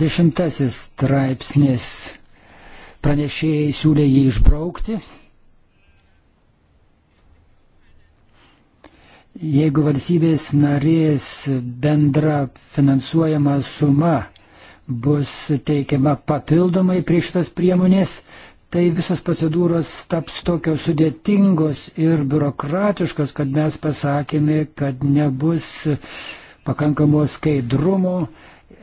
Dešimtasis straipsnis pranešėjai siūlė jį išbraukti. Jeigu valstybės narės bendra finansuojama suma bus teikiama papildomai prie šitas priemonės, tai visos procedūros taps tokios sudėtingos ir biurokratiškos, kad mes pasakėme, kad nebus pakankamo skaidrumo,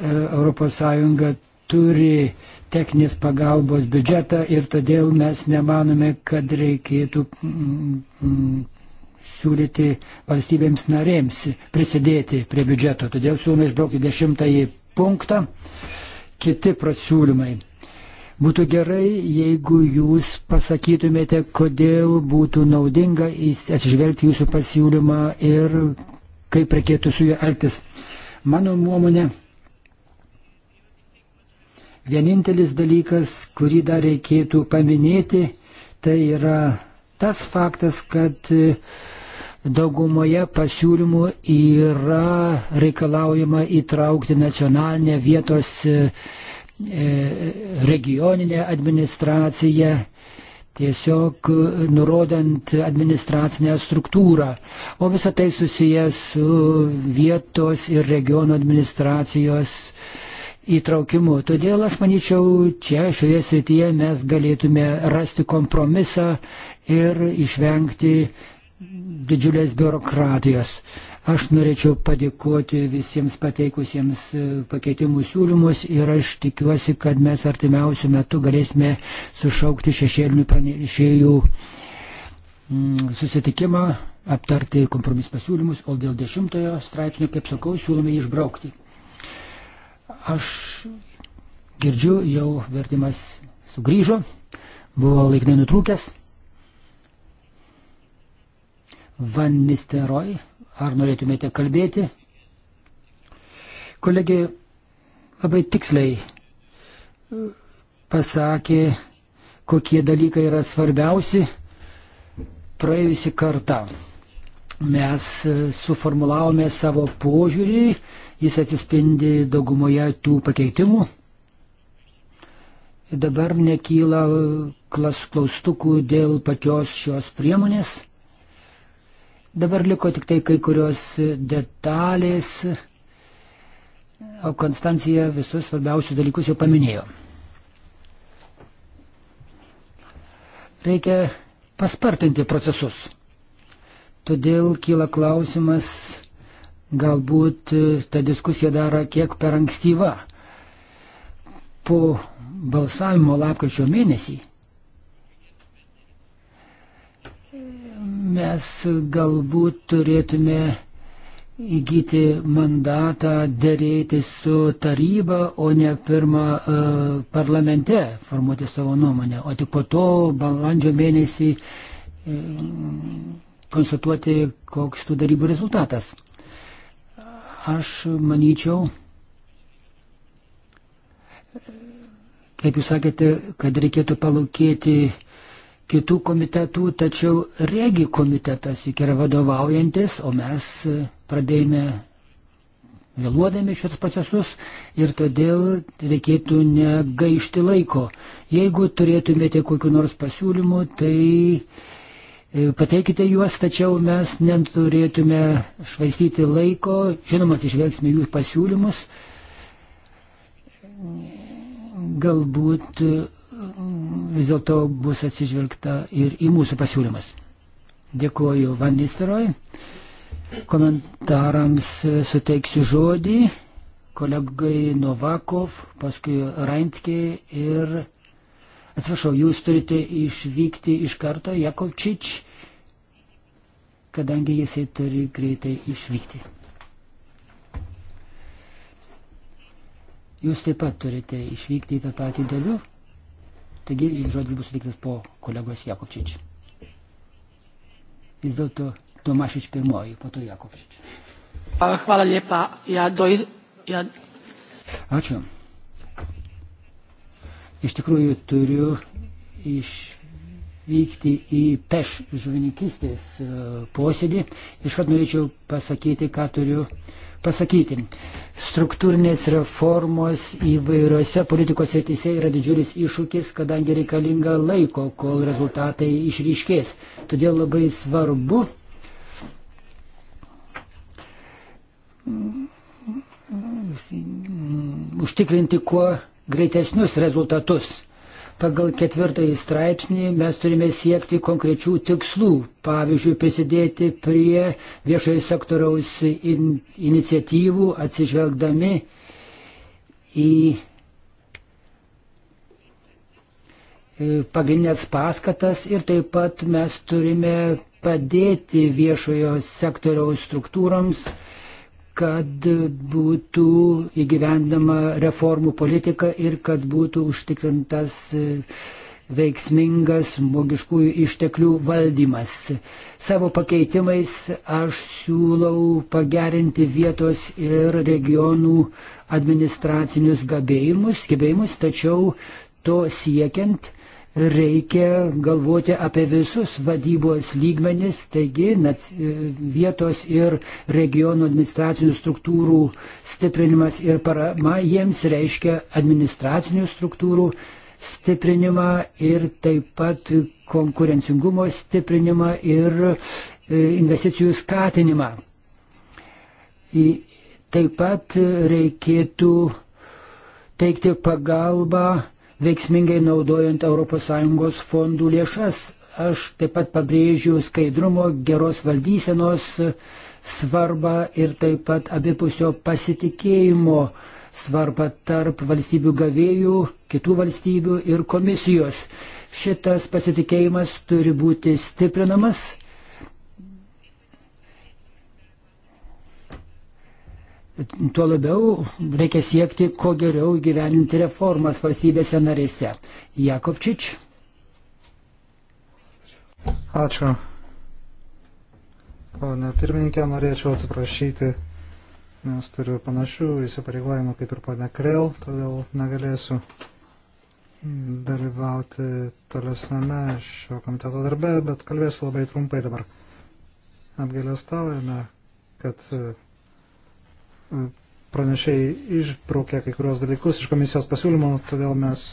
ES turi techninės pagalbos biudžetą ir todėl mes nemanome, kad reikėtų mm, mm, siūlyti valstybėms narėms prisidėti prie biudžeto. Todėl siūlome išbraukti dešimtąjį punktą. Kiti prasiūlymai. Būtų gerai, jeigu jūs pasakytumėte, kodėl būtų naudinga atsižvelgti jūsų pasiūlymą ir kaip reikėtų su juo elgtis. Mano nuomonė, Vienintelis dalykas, kurį dar reikėtų paminėti, tai yra tas faktas, kad e, daugumoje pasiūlymų yra reikalaujama įtraukti nacionalinę vietos e, e, regioninę administraciją, tiesiog nurodant administracinę struktūrą. O visa tai susijęs su vietos ir regiono administracijos uh, įtraukimu. Todėl aš manyčiau, čia šioje srityje mes galėtume rasti kompromisą ir išvengti didžiulės biurokratijos. Aš norėčiau padėkoti visiems pateikusiems e, pakeitimų siūlymus ir aš tikiuosi, kad mes artimiausių metų galėsime sušaukti šešėlinių pranešėjų mm, susitikimą, aptarti kompromis pasiūlymus, o dėl dešimtojo straipsnio, kaip sakau, siūlome išbraukti. Aš girdžiu, jau vertimas sugrįžo, buvo laikinai nutrūkęs. Van Nisteroj, ar norėtumėte kalbėti? Kolegė labai tiksliai e, pasakė, kokie dalykai yra svarbiausi praėjusi kartą. Mes e, suformulavome savo požiūrį Jis atsispindi daugumoje tų pakeitimų. Dabar nekyla klas klaustukų dėl pačios šios priemonės. Dabar liko tik tai kai kurios detalės, o Konstancija visus svarbiausius dalykus jau paminėjo. Reikia paspartinti procesus. Todėl kyla klausimas, Galbūt e, ta diskusija dar kiek per ankstyva. Po balsavimo lapkričio mėnesį mes galbūt turėtume įgyti mandatą dėrėti su taryba, o ne pirmą e, parlamente formuoti savo nuomonę, o tik po to balandžio mėnesį e, konstatuoti, koks tų darybų rezultatas. Aš manyčiau, kaip jūs sakėte, kad reikėtų palaukėti kitų komitetų, tačiau regi komitetas juk yra vadovaujantis, o mes pradėjome vėluodami šios procesus ir todėl reikėtų negaišti laiko. Jeigu turėtumėte kokiu nors pasiūlymu, tai E, pateikite juos, tačiau mes neturėtume švaistyti laiko, žinoma, atsižvelgsime jų pasiūlymus. Galbūt e, vis dėlto bus atsižvelgta ir į mūsų pasiūlymus. Dėkuoju Vandisteroj. Komentarams e, suteiksiu žodį kolegai Novakov, paskui Raintke ir Atsiprašau, jūs turite išvykti iš karto, Jakovčič, kadangi jisai turi greitai išvykti. Jūs taip pat turite išvykti į tą patį interviu. Taigi žodis bus suteiktas po kolegos Jakovčič. Vis dėlto Tomašič pirmoji, po to Jakovčič. Hvala lijepa. Ja, do, ja... Ačiū. Iš tikrųjų turiu išvykti į peš žuvininkistės e, posėdį. Iškart norėčiau pasakyti, ką turiu pasakyti. Struktūrinės reformos įvairiose politikos srityse yra didžiulis iššūkis, kadangi reikalinga laiko, kol rezultatai išryškės. Todėl labai svarbu mm, mm, mm, užtikrinti kuo greitesnius rezultatus. Pagal ketvirtąjį straipsnį mes turime siekti konkrečių tikslų, pavyzdžiui, prisidėti prie viešojo sektoriaus in, iniciatyvų atsižvelgdami į e, pagrindinės paskatas ir taip pat mes turime padėti viešojo sektoriaus struktūroms, kad būtų įgyvendama reformų politika ir kad būtų užtikrintas e, veiksmingas žmogiškųjų išteklių valdymas. Savo pakeitimais aš siūlau pagerinti vietos ir regionų administracinius gabėjimus, gebėjimus, tačiau to siekiant reikia galvoti apie visus vadybos lygmenis, taigi net vietos ir regionų administracinių struktūrų stiprinimas ir parama jiems reiškia administracinių struktūrų stiprinimą ir taip pat konkurencingumo stiprinimą ir e, investicijų skatinimą. Taip pat reikėtų teikti pagalbą veiksmingai naudojant ES fondų lėšas. Aš taip pat pabrėžiu skaidrumo, geros valdysenos svarbą ir taip pat abipusio pasitikėjimo svarbą tarp valstybių gavėjų, kitų valstybių ir komisijos. Šitas pasitikėjimas turi būti stiprinamas Tuo labiau reikia siekti, kuo geriau gyveninti reformas valstybėse narėse. Jakovčič. Ačiū. Pone pirmininkė, norėčiau atsiprašyti, nes turiu panašių įsipareigojimų kaip ir pone Krell, todėl negalėsiu dalyvauti tolesname šio komiteto darbe, bet kalbėsiu labai trumpai dabar. Apgailėstavome, kad pranešėjai išbraukė kai kurios dalykus iš komisijos pasiūlymų, todėl mes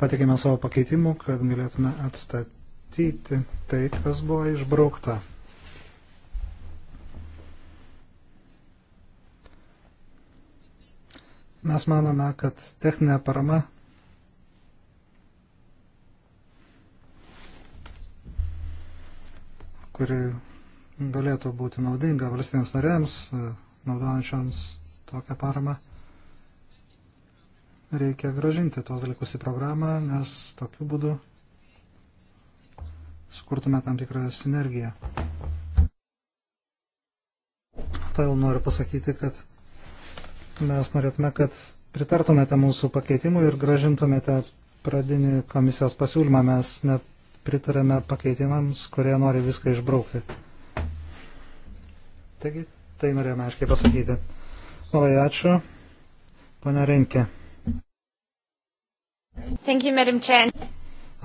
patikėme savo pakeitimų, kad galėtume atstatyti tai, kas buvo išbraukta. Mes manome, kad techninė parama kuri galėtų būti naudinga valstybėms narėms, naudojančioms tokią paramą, reikia gražinti tuos dalykus į programą, nes tokiu būdu skurtume tam tikrą sinergiją. Todėl tai noriu pasakyti, kad mes norėtume, kad pritartumėte mūsų pakeitimui ir gražintumėte pradinį komisijos pasiūlymą. Mes nepritarėme pakeitimams, kurie nori viską išbraukti. Taigi Tai norėjome aiškiai pasakyti. Labai ačiū. Pane Rinkė.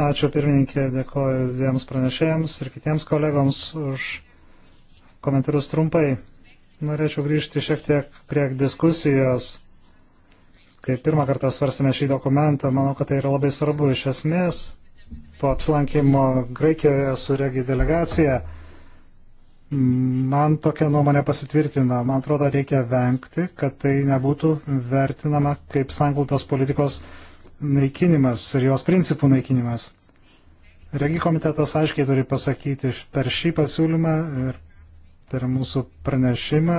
Ačiū pirmininkė, dėkoju dviems pranešėjams ir kitiems kolegoms už komentarus trumpai. Norėčiau grįžti šiek tiek prie diskusijos. Kai pirmą kartą svarstėme šį dokumentą, manau, kad tai yra labai svarbu iš esmės. Po apsilankimo Graikijoje su regi delegacija Man tokia nuomonė pasitvirtina. Man atrodo, reikia vengti, kad tai nebūtų vertinama kaip sanglautos politikos naikinimas ir jos principų naikinimas. Regi komitetas aiškiai turi pasakyti per šį pasiūlymą ir per mūsų pranešimą,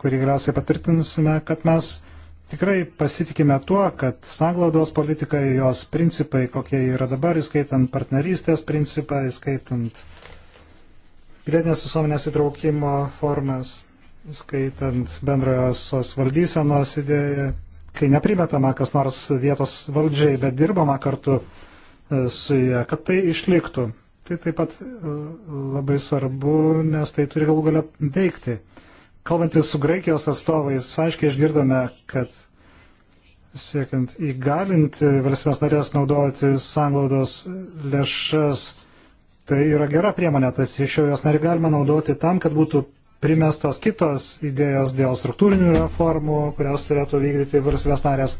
kurį galiausiai patvirtinsime, kad mes tikrai pasitikime tuo, kad sanglaudos politika, jos principai, kokie yra dabar, įskaitant partnerystės principą, įskaitant uh, pilietinės visuomenės įtraukimo formas, skaitant bendrojosios valdysenos idėją, kai neprimetama kas nors vietos valdžiai, bet dirbama kartu e, su jie, kad tai išliktų. Tai taip pat e, labai svarbu, nes tai turi galų galę veikti. Kalbantis su Graikijos atstovais, aiškiai išgirdome, kad siekiant įgalinti valstybės narės naudoti sanglaudos lėšas, Tai yra gera priemonė, tačiau jos negalime naudoti tam, kad būtų primestos kitos idėjos dėl struktūrinių reformų, kurias turėtų vykdyti valstybės narės.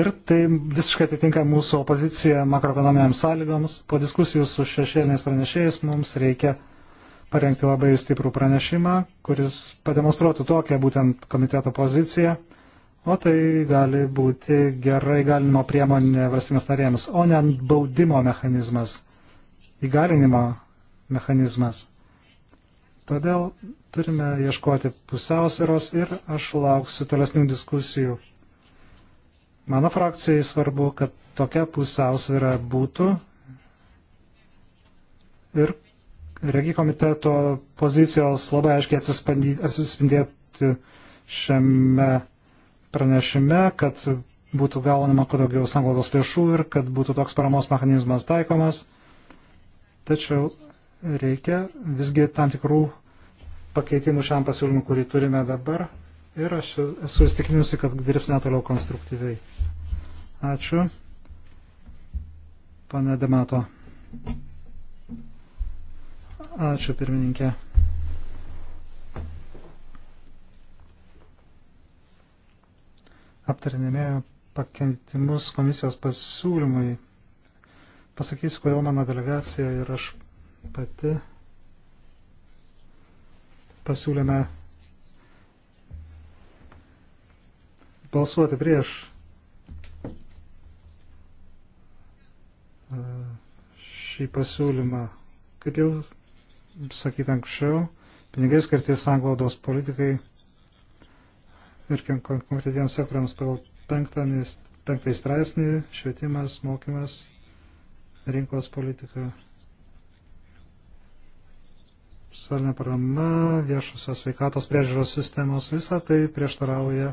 Ir tai visiškai atitinka mūsų opoziciją makroekonominiams sąlygoms. Po diskusijų su šešėliniais pranešėjais mums reikia parengti labai stiprų pranešimą, kuris pademonstruotų tokią būtent komiteto poziciją O tai gali būti gerai galima priemonė valstybės narėms, o ne baudimo mechanizmas, įgalinimo mechanizmas. Todėl turime ieškoti pusiausvėros ir aš lauksiu tolesnių diskusijų. Mano frakcijai svarbu, kad tokia pusiausvėra būtų ir regi komiteto pozicijos labai aiškiai atsispindėti šiame pranešime, kad būtų gaunama kuo daugiau sanglaudos lėšų ir kad būtų toks paramos mechanizmas taikomas. Tačiau reikia visgi tam tikrų pakeitimų šiam pasiūlymui, kurį turime dabar. Ir aš esu įstikinusi, kad dirbsime toliau konstruktyviai. Ačiū. Pane Demato. Ačiū pirmininkė. aptarinėme pakeitimus komisijos pasiūlymui. Pasakysiu, kodėl mano delegacija ir aš pati pasiūlėme balsuoti prieš e, šį pasiūlymą. Kaip jau sakyt anksčiau, pinigai skirti sanglaudos politikai ir konkretiems sektoriams pagal penktąjį straipsnį - švietimas, mokymas, rinkos politika, socialinė parama, viešosios sveikatos priežiūros sistemos - visa tai prieštarauja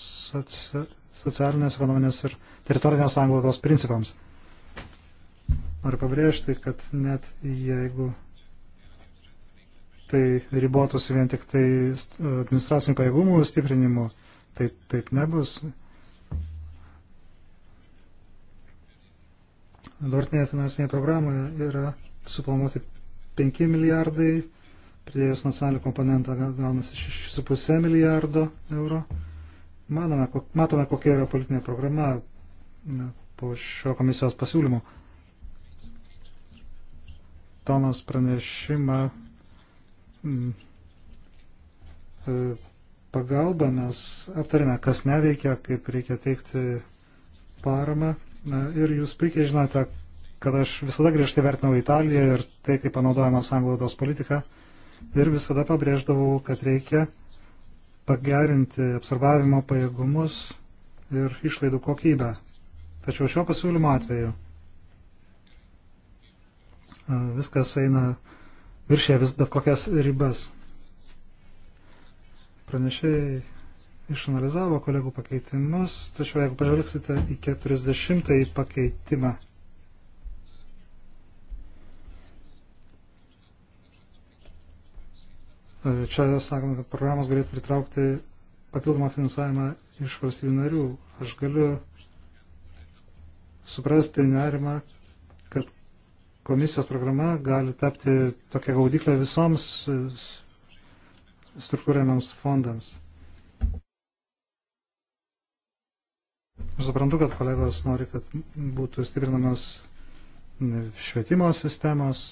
soci... socialinės, ekonominės ir teritorinės anglodos principams. Noriu pabrėžti, kad net jeigu tai ribotųsi vien tik tai administracinių pajėgumų stiprinimu. Tai taip nebus. Dabartinėje finansinėje programoje yra suplanuoti 5 milijardai, pridėjus nacionalinį komponentą gaunasi 6,5 milijardo eurų. Manome, matome, kokia yra politinė programa po šio komisijos pasiūlymo. Tomas pranešimą Mm. E, pagalba mes aptarėme, kas neveikia, kaip reikia teikti paramą. Ir jūs puikiai žinote, kad aš visada griežtai vertinau Italiją ir tai, kaip panaudojama sanglaudos politika. Ir visada pabrėždavau, kad reikia pagerinti apsarbavimo pajėgumus ir išlaidų kokybę. Tačiau šio pasiūlymo atveju e, viskas eina viršė vis bet kokias ribas. Pranešėjai išanalizavo kolegų pakeitimus, tačiau jeigu pažvelgsite į 40 pakeitimą, Čia sakome, kad programos galėtų pritraukti papildomą finansavimą iš valstybių narių. Aš galiu suprasti nerimą, komisijos programa gali tapti tokia gaudiklė visoms e, struktūriniams fondams. Aš suprantu, kad kolegos nori, kad būtų stiprinamas švietimo sistemos.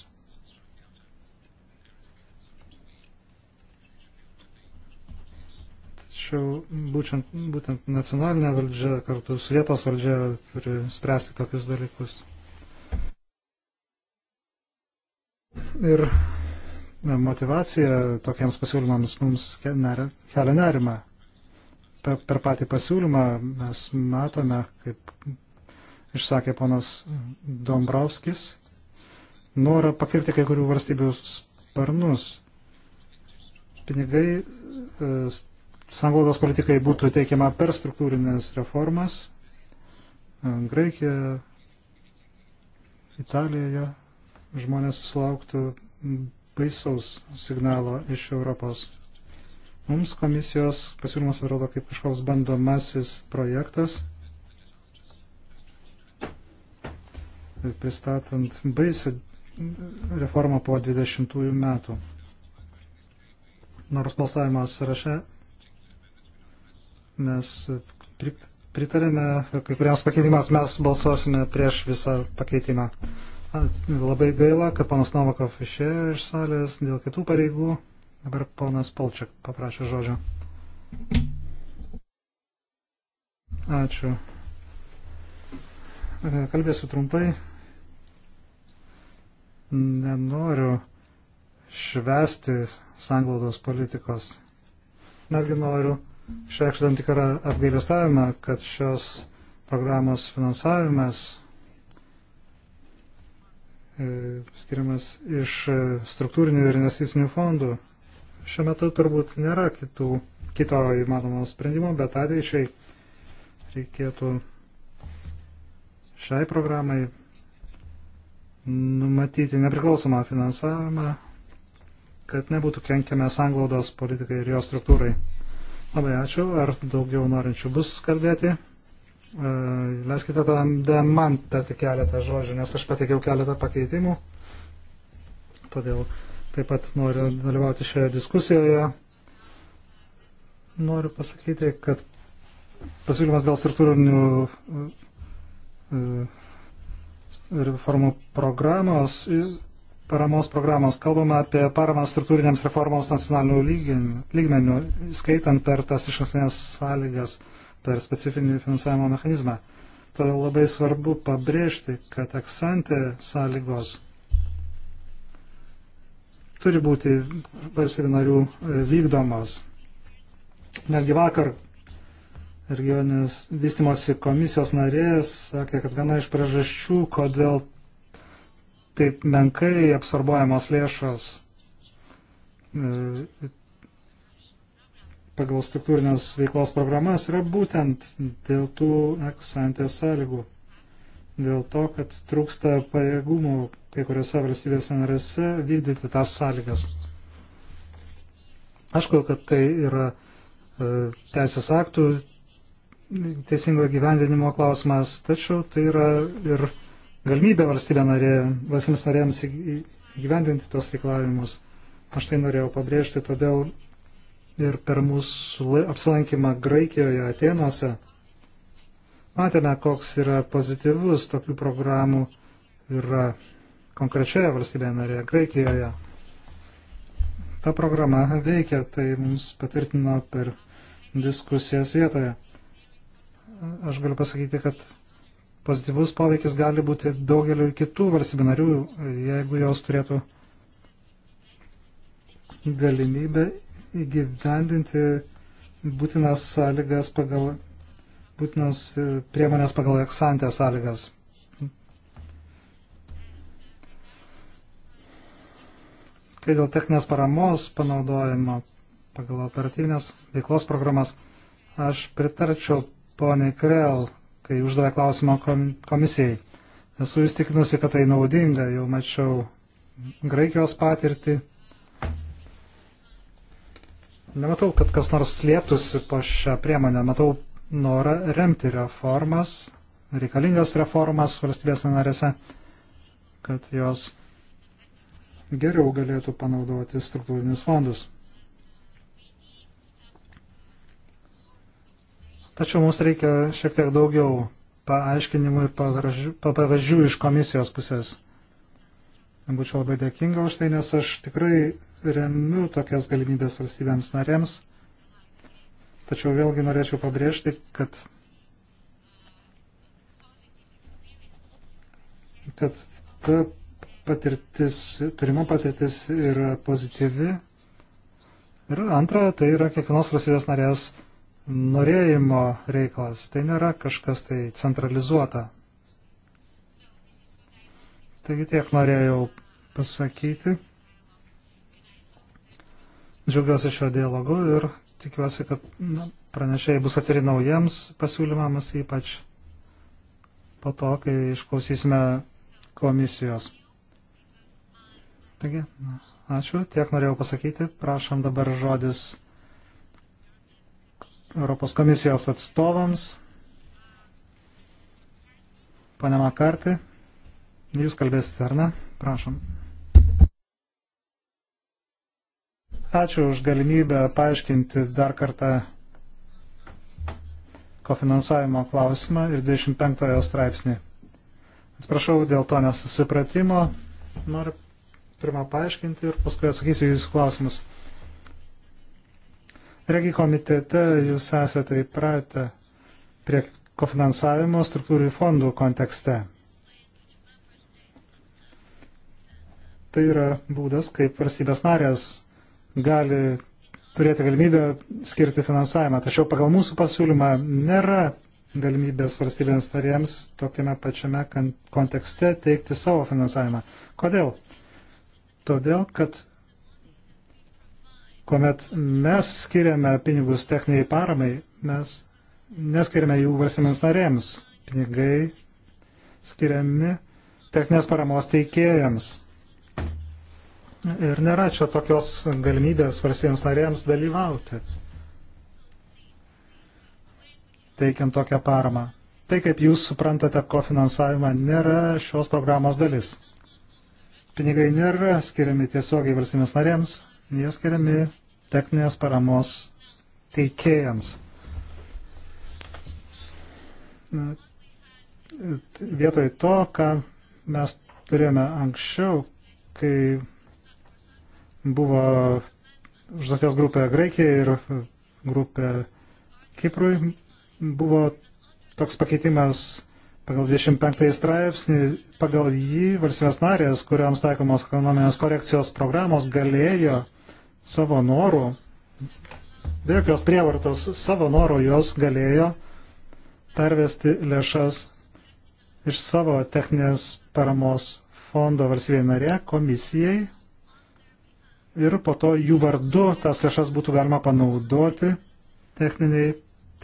Tačiau būtent, būtent nacionalinė valdžia kartu su vietos valdžia turi spręsti tokius dalykus. Ir motivacija tokiems pasiūlymams mums kelia nerimą. Per, per patį pasiūlymą mes matome, kaip išsakė ponas Dombrovskis, norą pakirti kai kurių valstybių sparnus. Pinigai e, sanglaudos politikai būtų teikiama per struktūrinės reformas e, Graikijoje, Italijoje, žmonės susilauktų baisaus signalo iš Europos. Mums komisijos pasiūlymas atrodo kaip kažkoks bandomasis projektas, pristatant baisį reformą po 20 metų. Nors balsavimo sąraše mes pritarėme, kai kuriems pakeitimams mes balsuosime prieš visą pakeitimą. Labai gaila, kad panas Novakov išėjo iš salės dėl kitų pareigų. Dabar ponas Polčiak paprašė žodžio. Ačiū. Kalbėsiu trumpai. Nenoriu švesti sanglaudos politikos. Netgi noriu išreikšti tam tikrą apgailestavimą, kad šios programos finansavimas E, skiriamas iš struktūrinių ir investicinių fondų. Šiuo metu turbūt nėra kitų, kito įmanomo sprendimo, bet ateičiai reikėtų šiai programai numatyti nepriklausomą finansavimą, kad nebūtų kenkiame sanglaudos politikai ir jo struktūrai. Labai ačiū. Ar daugiau norinčių bus kalbėti? E, leiskite tada man tarti keletą žodžių, nes aš pateikiau keletą pakeitimų. Todėl taip pat noriu dalyvauti šioje diskusijoje. Noriu pasakyti, kad pasiūlymas dėl struktūrinių e, e, reformų programos, paramos programos, kalbama apie paramą struktūriniams reformams nacionalinių lygmenių, skaitant per tas išankstinės sąlygas per specifinį finansavimo mechanizmą. Todėl labai svarbu pabrėžti, kad eksantė sąlygos turi būti valstybių narių e, vykdomos. Netgi vakar regioninės vystimosi komisijos narės sakė, kad viena iš priežasčių, kodėl taip menkai apsarbuojamos lėšos e, pagal struktūrinės veiklos programas yra būtent dėl tų eksantės sąlygų. Dėl to, kad trūksta pajėgumų kai kuriuose valstybėse narėse vykdyti tas sąlygas. Aišku, kad tai yra e, teisės aktų teisingo gyvendinimo klausimas, tačiau tai yra ir galimybė valstybė narė, valstybės narėms įgyvendinti tos reikalavimus. Aš tai norėjau pabrėžti, todėl ir per mūsų apsilankymą Graikijoje, Atenuose, matėme, koks yra pozityvus tokių programų yra konkrečioje valstybėje narėje, Graikijoje. Ta programa veikia, tai mums patvirtino per diskusijas vietoje. Aš galiu pasakyti, kad pozityvus poveikis gali būti daugeliu kitų valstybių narių, jeigu jos turėtų galimybę įgyvendinti būtinas sąlygas pagal, būtinos e, priemonės pagal eksantę sąlygas. Kai dėl techninės paramos panaudojimo pagal operatyvinės veiklos programas, aš pritarčiau poniai Krell, kai uždavė klausimą komisijai. Esu įstikinusi, kad tai naudinga, jau mačiau Graikijos patirtį Nematau, kad kas nors slėptųsi po šią priemonę. Matau norą remti reformas, reikalingas reformas valstybės narėse, kad jos geriau galėtų panaudoti struktūrinius fondus. Tačiau mums reikia šiek tiek daugiau paaiškinimų ir pavyzdžių iš komisijos pusės. Būčiau labai dėkinga už tai, nes aš tikrai remiu tokias galimybės valstybėms narėms, tačiau vėlgi norėčiau pabrėžti, kad, kad ta patirtis, turima patirtis yra pozityvi. Ir antra, tai yra kiekvienos valstybės narės norėjimo reikalas. Tai nėra kažkas tai centralizuota. Taigi tiek norėjau pasakyti. Džiaugiuosi šio dialogu ir tikiuosi, kad na, pranešėjai bus atviri naujiems pasiūlymams, ypač po to, kai išklausysime komisijos. Taigi, ačiū, tiek norėjau pasakyti. Prašom dabar žodis Europos komisijos atstovams. Pane Makarti, jūs kalbėsite, ar ne? Prašom. Ačiū už galimybę paaiškinti dar kartą kofinansavimo klausimą ir 25 straipsnį. Atsiprašau dėl to nesusipratimo. Noriu pirmą paaiškinti ir paskui atsakysiu jūsų klausimus. Regi komitete jūs esate įpratę prie kofinansavimo struktūrų fondų kontekste. Tai yra būdas, kaip valstybės narės gali turėti galimybę skirti finansavimą. Tačiau pagal mūsų pasiūlymą nėra galimybės valstybėms tariems tokiame pačiame kontekste teikti savo finansavimą. Kodėl? Todėl, kad kuomet mes skiriame pinigus techniniai paramai, mes neskiriame jų valstybėms narėms. Pinigai skiriami techninės paramos teikėjams. Ir nėra čia tokios galimybės valstybėms narėms dalyvauti, teikiant tokią paramą. Tai, kaip jūs suprantate kofinansavimą, nėra šios programos dalis. Pinigai nėra skiriami tiesiogiai valstybės narėms, jie skiriami techninės paramos teikėjams. Vietoj to, ką mes turėjome anksčiau, kai Buvo užduoties grupė Graikijai ir grupė Kiprui. Buvo toks pakeitimas pagal 25 straipsnį, pagal jį valstybės narės, kuriams taikomos ekonominės korekcijos programos, galėjo savo norų, be jokios prievartos, savo norų jos galėjo pervesti lėšas iš savo techninės paramos fondo valstybėje narė komisijai ir po to jų vardu tas lėšas būtų galima panaudoti techniniai,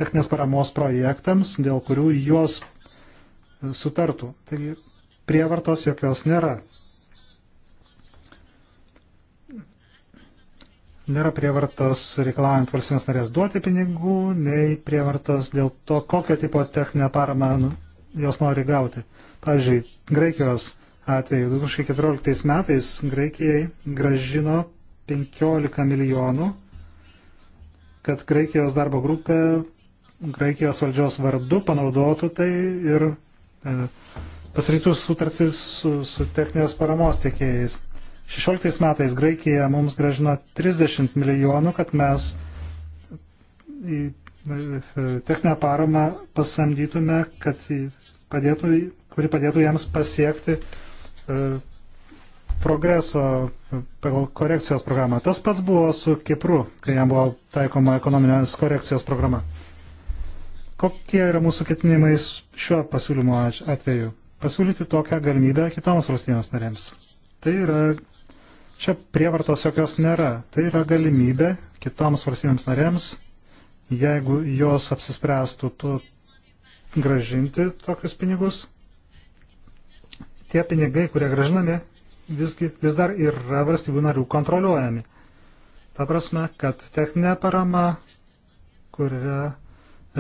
techninės paramos projektams, dėl kurių jos e, sutartų. Taigi prievartos jokios nėra. Nėra prievartos reikalaujant valstybės narės duoti pinigų, nei prievartos dėl to, kokio tipo techninę paramą nu, jos nori gauti. Pavyzdžiui, Graikijos atveju 2014 metais Graikijai gražino 15 milijonų, kad Graikijos darbo grupė Graikijos valdžios vardu panaudotų tai ir e, pasirytų sutartis su, su techninės paramos tiekėjais. 16 metais Graikija mums gražino 30 milijonų, kad mes į e, e, techninę paramą pasamdytume, kad padėtų, kuri padėtų jiems pasiekti e, progreso pagal korekcijos programą. Tas pats buvo su Kipru, kai jam buvo taikoma ekonominės korekcijos programa. Kokie yra mūsų ketinimai šiuo pasiūlymo atveju? Pasiūlyti tokią galimybę kitoms valstybėms narėms. Tai yra, čia prievartos jokios nėra. Tai yra galimybė kitoms valstybėms narėms, jeigu jos apsispręstų tu gražinti tokius pinigus, tie pinigai, kurie gražinami, visgi, vis dar yra valstybių narių kontroliuojami. Ta prasme, kad techninė parama, kurią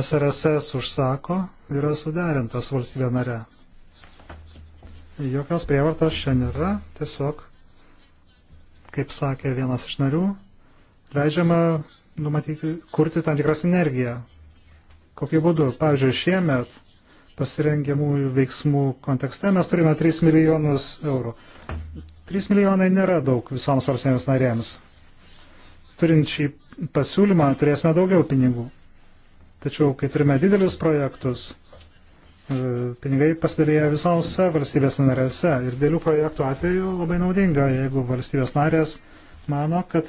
SRSS užsako, yra suderintas valstybė nare. Jokios prievartos čia nėra, tiesiog, kaip sakė vienas iš narių, leidžiama numatyti, kurti tam tikrą sinergiją. Kokiu būdu? Pavyzdžiui, šiemet pasirengiamųjų veiksmų kontekste mes turime 3 milijonus eurų. 3 milijonai nėra daug visoms valstybėms narėms. Turint šį pasiūlymą turėsime daugiau pinigų. Tačiau, kai turime didelius projektus, e, pinigai pasidalėja visose valstybės narėse. Ir dėlių projektų atveju labai naudinga, jeigu valstybės narės mano, kad,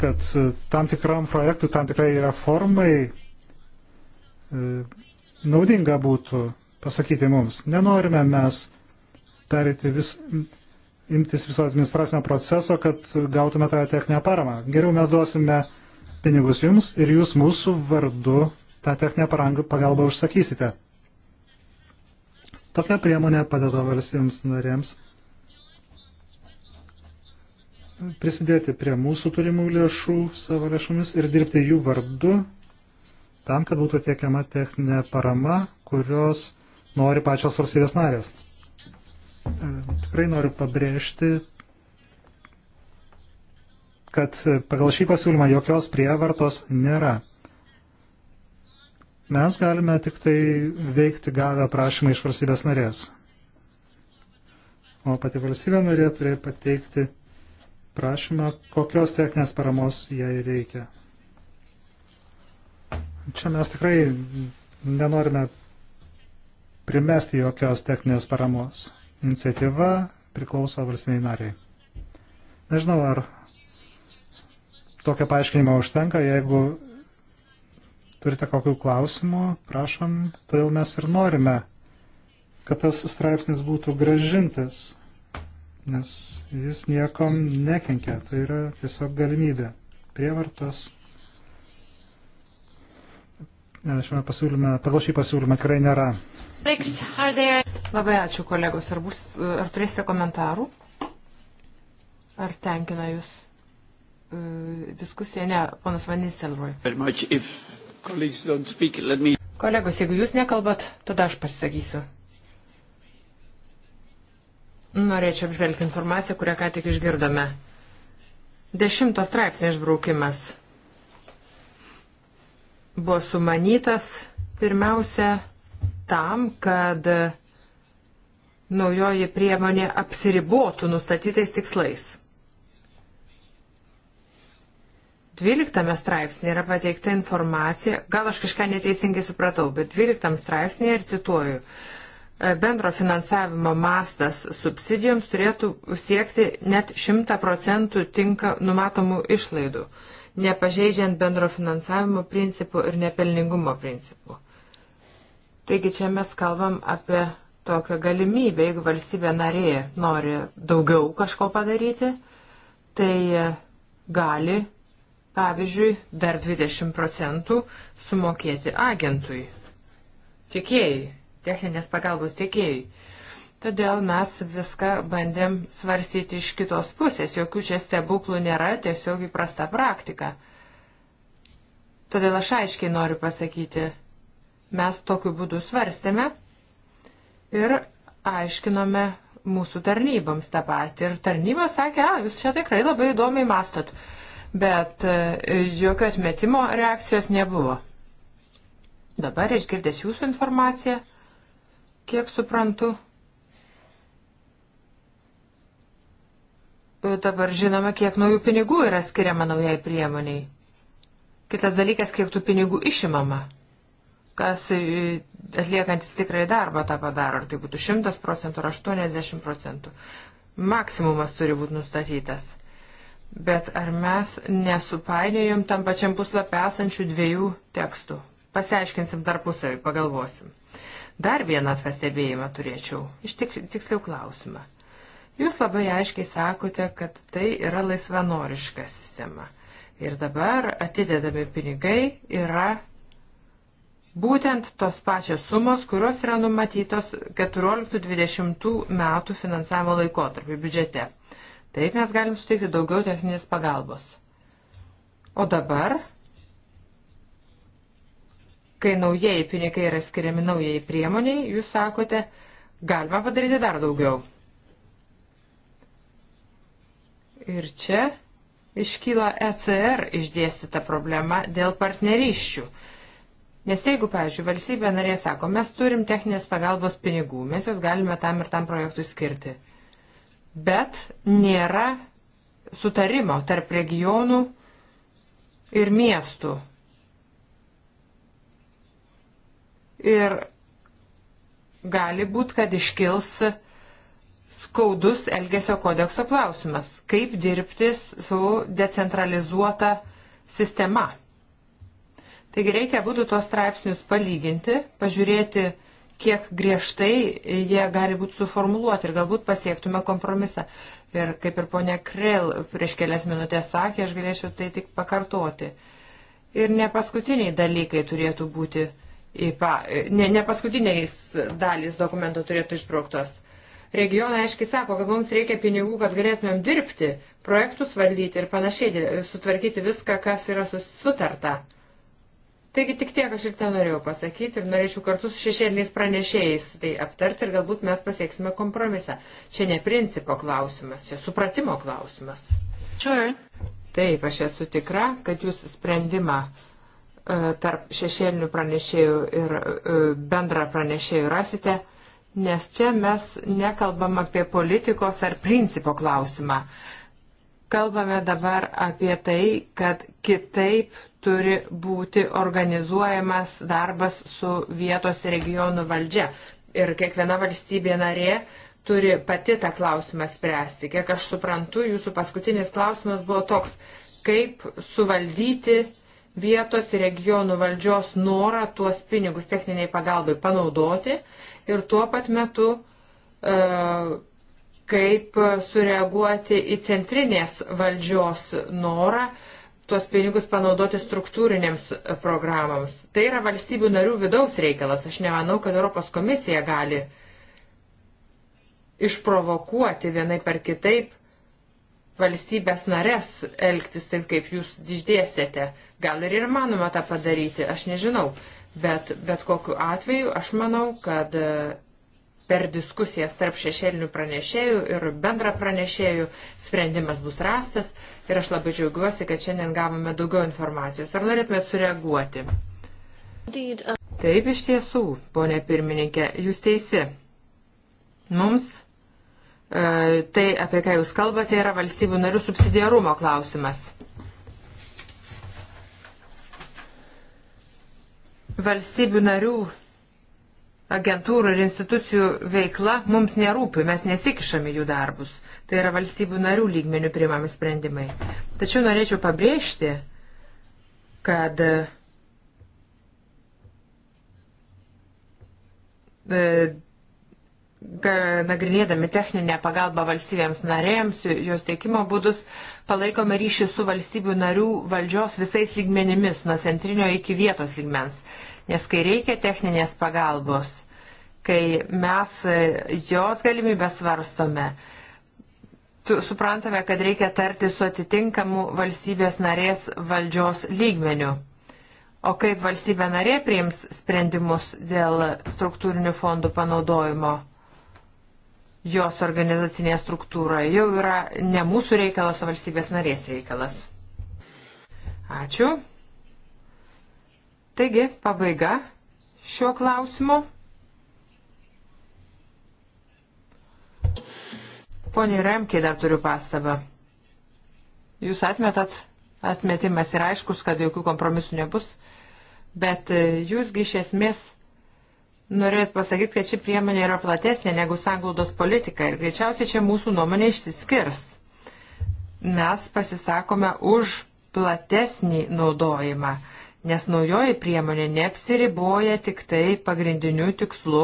kad tam tikram projektui, tam tikrai reformai E, naudinga būtų pasakyti mums. Nenorime mes perėti vis, imtis viso administracinio proceso, kad gautume tą techninę paramą. Geriau mes duosime pinigus jums ir jūs mūsų vardu tą techninę pagalbą užsakysite. Tokia priemonė padeda valstybėms narėms prisidėti prie mūsų turimų lėšų savo lėšomis ir dirbti jų vardu tam, kad būtų tiekiama techninė parama, kurios nori pačios valstybės narės. E, tikrai noriu pabrėžti, kad pagal šį pasiūlymą jokios prievartos nėra. Mes galime tik tai veikti gavę prašymą iš valstybės narės. O pati valstybė norėtų pateikti prašymą, kokios techninės paramos jai reikia. Čia mes tikrai nenorime primesti jokios techninės paramos. Iniciatyva priklauso valstybei nariai. Nežinau, ar tokio paaiškinimo užtenka, jeigu turite kokių klausimų, prašom, todėl mes ir norime, kad tas straipsnis būtų gražintas, nes jis niekom nekenkia, tai yra tiesiog galimybė prievartos šiame pasiūlyme, pagal šį pasiūlymą tikrai nėra. Labai ačiū kolegos. Ar, bus, ar turėsite komentarų? Ar tenkina jūs uh, e, diskusija? Ne, ponas Vanis Elroy. Kolegos, jeigu jūs nekalbat, tada aš pasisakysiu. Norėčiau apžvelgti informaciją, kurią ką tik išgirdome. Dešimto straipsnio išbraukimas buvo sumanytas pirmiausia tam, kad naujoji priemonė apsiribotų nustatytais tikslais. 12 straipsnėje yra pateikta informacija, gal aš kažką neteisingai supratau, bet 12 straipsnėje ir cituoju, bendro finansavimo mastas subsidijoms turėtų siekti net 100 procentų tinka numatomų išlaidų. Uh, nepažeidžiant bendro finansavimo principų ir nepelningumo principų. Taigi čia mes kalbam apie tokią galimybę, jeigu valstybė narė nori daugiau kažko padaryti, tai gali, pavyzdžiui, dar 20 procentų sumokėti agentui, tiekėjai, techninės pagalbos tiekėjai. Todėl mes viską bandėm svarstyti iš kitos pusės. Jokių čia stebuklų nėra, tiesiog įprasta praktika. Todėl aš aiškiai noriu pasakyti, mes tokiu būdu svarstėme ir aiškinome mūsų tarnyboms tą patį. Ir tarnyba sakė, a, jūs čia tikrai labai įdomiai mastot, bet e, jokio atmetimo reakcijos nebuvo. Dabar išgirdęs jūsų informaciją, kiek suprantu, dabar žinome, kiek naujų pinigų yra skiriama naujai priemoniai. Kitas dalykas, kiek tų pinigų išimama. Kas e, atliekantis tikrai darbą tą padaro, ar tai būtų 100 procentų ar 80 procentų. Maksimumas turi būti nustatytas. Bet ar mes nesupainėjom tam pačiam puslapį esančių dviejų tekstų? Pasiaiškinsim tarpusavį, pagalvosim. Dar vieną pastebėjimą turėčiau, iš tik, tiksliau klausimą. Jūs labai aiškiai sakote, kad tai yra laisvanoriška sistema. Ir dabar atidedami pinigai yra būtent tos pačios sumos, kurios yra numatytos 14-20 metų finansavimo laikotarpį biudžete. Taip mes galim suteikti daugiau techninės pagalbos. O dabar, kai naujieji pinigai yra skiriami naujieji priemoniai, jūs sakote, galima padaryti dar daugiau. Ir čia iškyla ECR išdėstyta problema dėl partnerysčių. Nes jeigu, pavyzdžiui, valstybė narė sako, mes turim techninės pagalbos pinigų, mes juos galime tam ir tam projektui skirti, bet nėra sutarimo tarp regionų ir miestų. Ir gali būti, kad iškils uh, skaudus Elgesio kodekso klausimas. Kaip dirbti su decentralizuota sistema? Taigi reikia būtų tuos straipsnius palyginti, pažiūrėti, kiek griežtai jie gali būti suformuluoti ir galbūt pasiektume kompromisą. Ir kaip ir ponia Krell prieš kelias minutės sakė, aš galėčiau tai tik pakartoti. Ir ne paskutiniai dalykai turėtų būti, pa, ne, ne paskutiniais dalys dokumento turėtų išbrauktos. Regionai aiškiai sako, kad mums reikia pinigų, kad galėtumėm dirbti, projektus valdyti ir panašiai, sutvarkyti viską, kas yra sutarta. Taigi tik tiek aš ir tą norėjau pasakyti ir norėčiau kartu su šešėliniais pranešėjais tai aptarti ir galbūt mes pasieksime kompromisą. Čia ne principo klausimas, čia supratimo klausimas. Sure. Taip, aš esu tikra, kad jūs sprendimą uh, tarp šešėlinių pranešėjų ir uh, bendrą pranešėjų rasite. Uh, nes čia mes nekalbam apie politikos ar principo klausimą. Kalbame dabar apie tai, kad kitaip turi būti organizuojamas darbas su vietos regionų valdžia. Ir kiekviena valstybė narė turi pati tą klausimą spręsti. Kiek aš suprantu, jūsų paskutinis klausimas buvo toks, kaip suvaldyti vietos ir regionų valdžios norą tuos pinigus techniniai pagalbai panaudoti ir tuo pat metu e, kaip sureaguoti į centrinės valdžios norą tuos pinigus panaudoti struktūrinėms programams. Tai yra valstybių narių vidaus reikalas. Aš nemanau, kad Europos komisija gali išprovokuoti vienai per kitaip valstybės narės elgtis taip, kaip jūs išdėsėte. Gal ir įmanoma tą padaryti, aš nežinau. Bet, bet kokiu atveju aš manau, kad e, per diskusijas tarp šešėlinių pranešėjų ir bendra pranešėjų sprendimas bus rastas ir aš labai džiaugiuosi, kad šiandien gavome daugiau informacijos. Ar norėtumėt sureaguoti? Uh, taip iš tiesų, ponė pirmininkė, jūs teisi. Mums E, tai, apie ką Jūs kalbate, yra valstybių narių subsidiarumo klausimas. Valstybių narių agentūrų ir institucijų veikla mums nerūpi, mes nesikišame jų darbus. Tai yra valstybių narių lygmenių priimami sprendimai. Tačiau norėčiau pabrėžti, kad e, nagrinėdami techninę pagalbą valstybėms narėms, jos teikimo būdus, palaikome ryšį su valstybių narių valdžios visais lygmenimis, nuo centrinio iki vietos lygmens. Nes kai reikia techninės pagalbos, kai mes jos galimybę svarstome, suprantame, kad reikia tarti su atitinkamu valstybės narės valdžios lygmeniu. O kaip valstybė narė priims sprendimus dėl struktūrinių fondų panaudojimo? jos organizacinė struktūra jau yra ne mūsų reikalas, o valstybės narės reikalas. Ačiū. Taigi, pabaiga šio klausimo. Pone Remkė, dar turiu pastabą. Jūs atmetat, atmetimas yra aiškus, kad jokių kompromisų nebus, bet e, jūsgi iš esmės Norėt pasakyti, kad ši priemonė yra platesnė negu sanglaudos politika ir greičiausiai čia mūsų nuomonė išsiskirs. Mes pasisakome už platesnį naudojimą, nes naujoji priemonė neapsiriboja tik tai pagrindiniu tikslu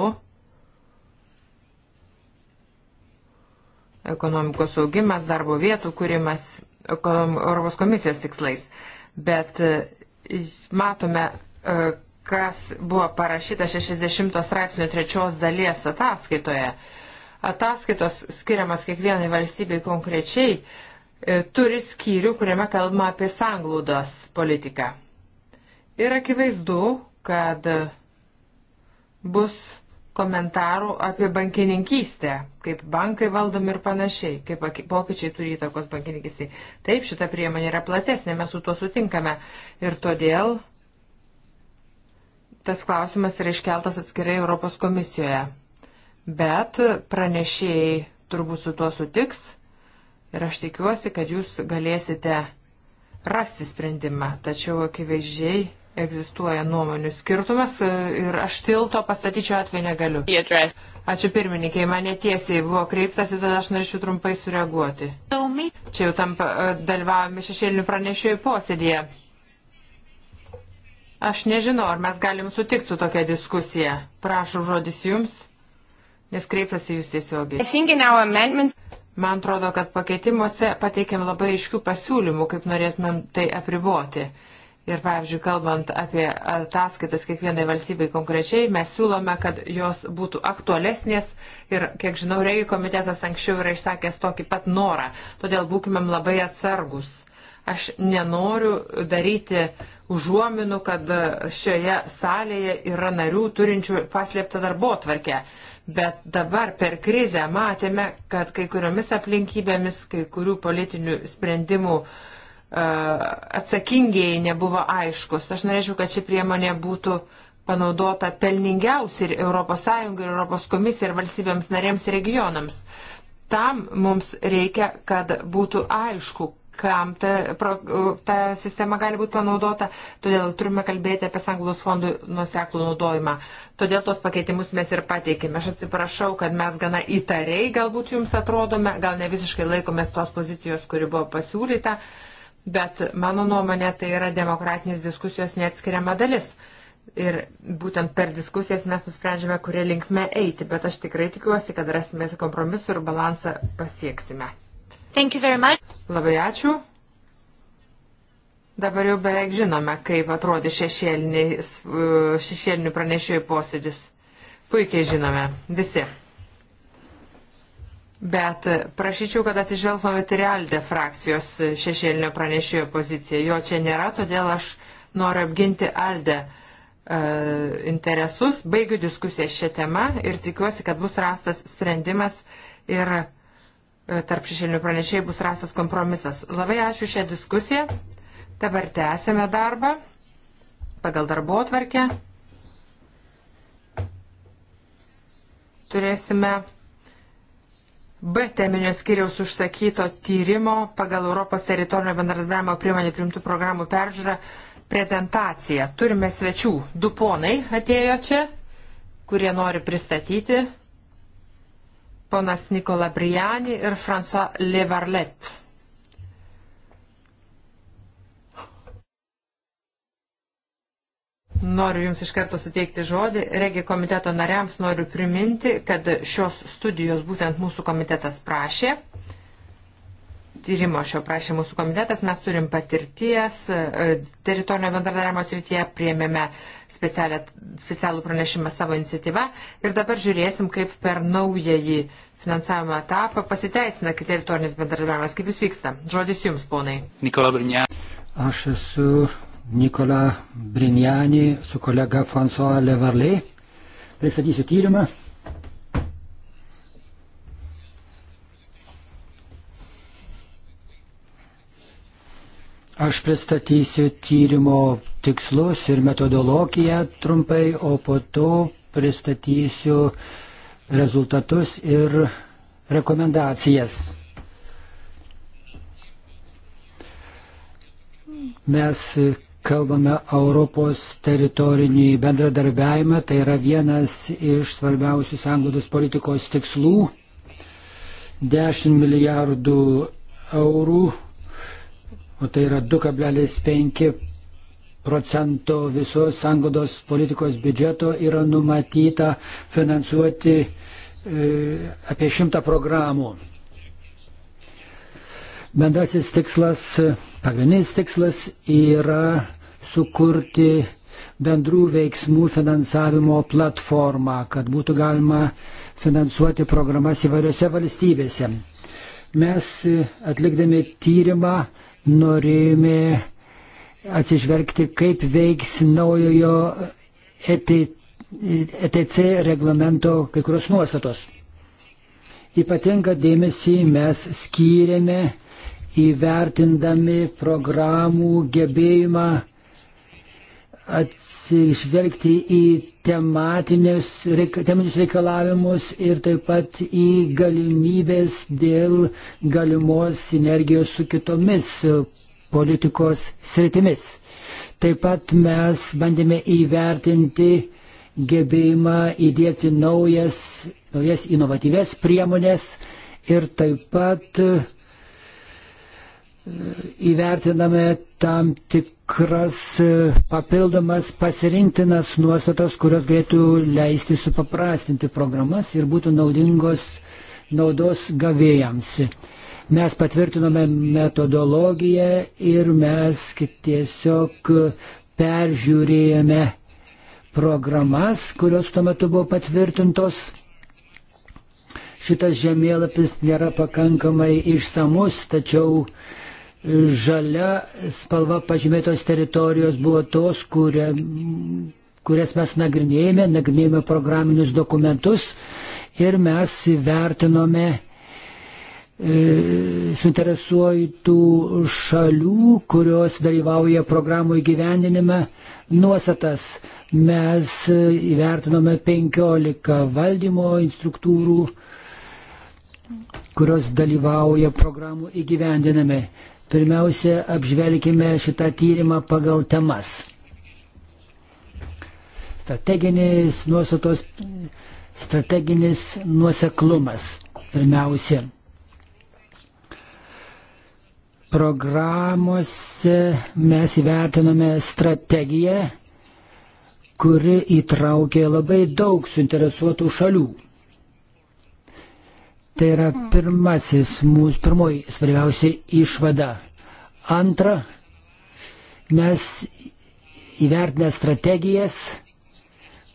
ekonomikos augimas, darbo vietų kūrimas Europos komisijos tikslais. Bet e, matome, e, kas buvo parašyta 60 straipsnio trečios dalies ataskaitoje. Ataskaitos skiriamas kiekvienai valstybei konkrečiai e, turi skyrių, kuriame kalbama apie sanglaudos politiką. Ir akivaizdu, kad bus komentarų apie bankininkystę, kaip bankai valdomi ir panašiai, kaip pokyčiai turi įtakos bankininkystėje. Taip, šita priemonė yra platesnė, mes su tuo sutinkame. Ir todėl tas klausimas yra iškeltas atskirai Europos komisijoje. Bet pranešėjai turbūt su tuo sutiks ir aš tikiuosi, kad jūs galėsite rasti sprendimą. Tačiau akivaizdžiai egzistuoja nuomonių skirtumas ir aš tilto pastatyčio atveju negaliu. Ačiū pirmininkai, mane tiesiai buvo kreiptasi, todėl aš norėčiau trumpai sureaguoti. Čia jau tam e, dalyvavome šešėlinių pranešėjų posėdėje. Aš nežinau, ar mes galim sutikti su tokia diskusija. Prašau žodis jums, nes kreiptasi jūs tiesiogiai. Man atrodo, kad pakeitimuose pateikėm labai aiškių pasiūlymų, kaip norėtumėm tai apriboti. Ir pavyzdžiui, kalbant apie ataskaitas kiekvienai valstybei konkrečiai, mes siūlome, kad jos būtų aktualesnės ir, kiek žinau, Reigi komitetas anksčiau yra išsakęs tokį pat norą. Todėl būkime labai atsargus. Aš nenoriu daryti uh, užuominų, kad šioje salėje yra narių turinčių paslėptą darbo tvarkę. Bet dabar per krizę matėme, kad kai kuriomis aplinkybėmis, kai kurių politinių sprendimų uh, e, atsakingiai nebuvo aiškus. Aš norėčiau, kad ši priemonė būtų panaudota pelningiausiai ir ES, ir ES komisija, ir valstybėms narėms regionams. Tam mums reikia, kad būtų aišku, kam ta, pro, ta sistema gali būti panaudota, todėl turime kalbėti apie sanglos fondų nuseklų naudojimą. Todėl tos pakeitimus mes ir pateikėme. Aš atsiprašau, kad mes gana įtariai galbūt jums atrodome, gal ne visiškai laikomės tos pozicijos, kuri buvo pasiūlyta, bet mano nuomonė tai yra demokratinės diskusijos neatskiriama dalis. Ir būtent per diskusijas mes nusprendžiame, kurie linkme eiti, bet aš tikrai tikiuosi, kad rasime kompromisų ir balansą pasieksime. Labai ačiū. Dabar jau beveik žinome, kaip atrodė e, šešėlinių pranešėjų posėdis. Puikiai žinome visi. Bet prašyčiau, kad atsižvelgtumėt ir Alde frakcijos šešėlinio pranešėjo poziciją. Jo čia nėra, todėl aš noriu apginti Alde e, interesus. Baigiu diskusiją šią temą ir tikiuosi, kad bus rastas sprendimas ir E, tarp šešėlinių pranešėjų bus rastas kompromisas. Labai ačiū šią diskusiją. Dabar tęsime darbą pagal darbo atvarkę. Turėsime B teminio skiriaus užsakyto tyrimo pagal Europos teritorinio bendradarbiavimo priemonė primtų programų peržiūrą prezentaciją. Turime svečių. Du ponai atėjo čia, kurie nori pristatyti ponas Nikola Briani ir François Levarlet. Noriu Jums iš karto suteikti žodį. Regi komiteto nariams noriu priminti, kad šios studijos būtent mūsų komitetas prašė tyrimo šio prašymų su komitetas, mes turim patirties, e, teritorinio bendradarbiavimo srityje priėmėme specialų pranešimą savo iniciatyvą ir dabar žiūrėsim, kaip per naująjį finansavimo etapą pasiteisina teritorinis bendradarbiavimas, kaip jis vyksta. Žodis jums, ponai. Nikola Brinė. Aš esu Nikola Brinjani su kolega François Levarlai. Pristatysiu tyrimą Aš pristatysiu tyrimo tikslus ir metodologiją trumpai, o po to pristatysiu rezultatus ir rekomendacijas. Mes kalbame Europos teritorinį bendradarbiavimą, tai yra vienas iš svarbiausių sanglaudos politikos tikslų. 10 milijardų eurų o tai yra 2,5 procento visos sangodos politikos biudžeto yra numatyta finansuoti e, apie šimtą programų. Bendrasis tikslas, pagrindinis tikslas yra sukurti bendrų veiksmų finansavimo platformą, kad būtų galima finansuoti programas įvairiose valstybėse. Mes e, atlikdami tyrimą norėjome atsižvelgti, kaip veiks naujojo ETC e reglamento kai kurios nuostatos. Ypatinga dėmesį mes skyrėme įvertindami programų gebėjimą ats atsižvelgti į tematinius reikalavimus ir taip pat į galimybės dėl galimos sinergijos su kitomis politikos sritimis. Taip pat mes bandėme įvertinti gebėjimą įdėkti naujas, naujas inovatyves priemonės ir taip pat e, įvertiname tam tik tikras e, papildomas pasirinktinas nuostatas, kurios galėtų leisti supaprastinti programas ir būtų naudingos naudos gavėjams. Mes patvirtinome metodologiją ir mes tiesiog peržiūrėjome programas, kurios tuo metu buvo patvirtintos. Šitas žemėlapis nėra pakankamai išsamus, tačiau uh, žalia spalva pažymėtos teritorijos buvo tos, kuria, kurias mes nagrinėjame, nagrinėjame programinius dokumentus ir mes vertinome e, suinteresuotų šalių, kurios dalyvauja programų įgyvendinime nuostatas. Mes įvertinome 15 valdymo struktūrų, kurios dalyvauja programų įgyvendiname. Pirmiausia, apžvelgime šitą tyrimą pagal temas. Strateginis nuostatos, strateginis nuoseklumas. Pirmiausia, programuose mes įvertinome strategiją, kuri įtraukė labai daug suinteresuotų šalių. Tai yra pirmasis mūsų, pirmoji svarbiausia išvada. Antra, mes įvertinę strategijas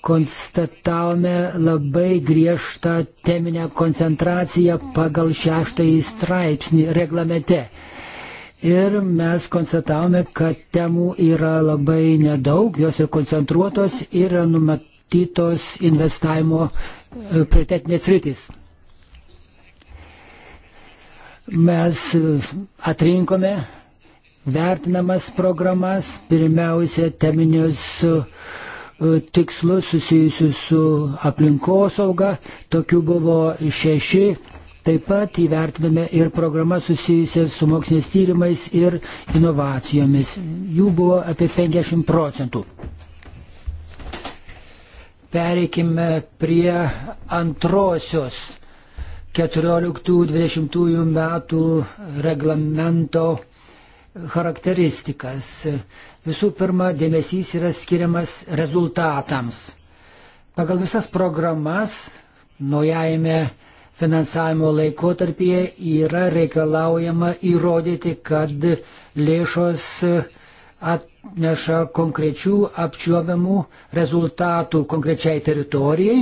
konstatavome labai griežtą teminę koncentraciją pagal šeštąjį straipsnį reglamente. Ir mes konstatavome, kad temų yra labai nedaug, jos ir koncentruotos ir numatytos investavimo e, prioritetinės rytis. Mes e, atrinkome vertinamas programas, pirmiausia, teminius e, tikslus susijusius su aplinkosauga, tokių buvo šeši Taip pat įvertiname ir programas susijusias su moksliniais tyrimais ir inovacijomis. Jų buvo apie 50 procentų. Pereikime prie antrosios 14-20 metų reglamento charakteristikas. Visų pirma, dėmesys yra skiriamas rezultatams. Pagal visas programas naujajame finansavimo laikotarpyje yra reikalaujama įrodyti, kad lėšos atneša konkrečių apčiuopiamų rezultatų konkrečiai teritorijai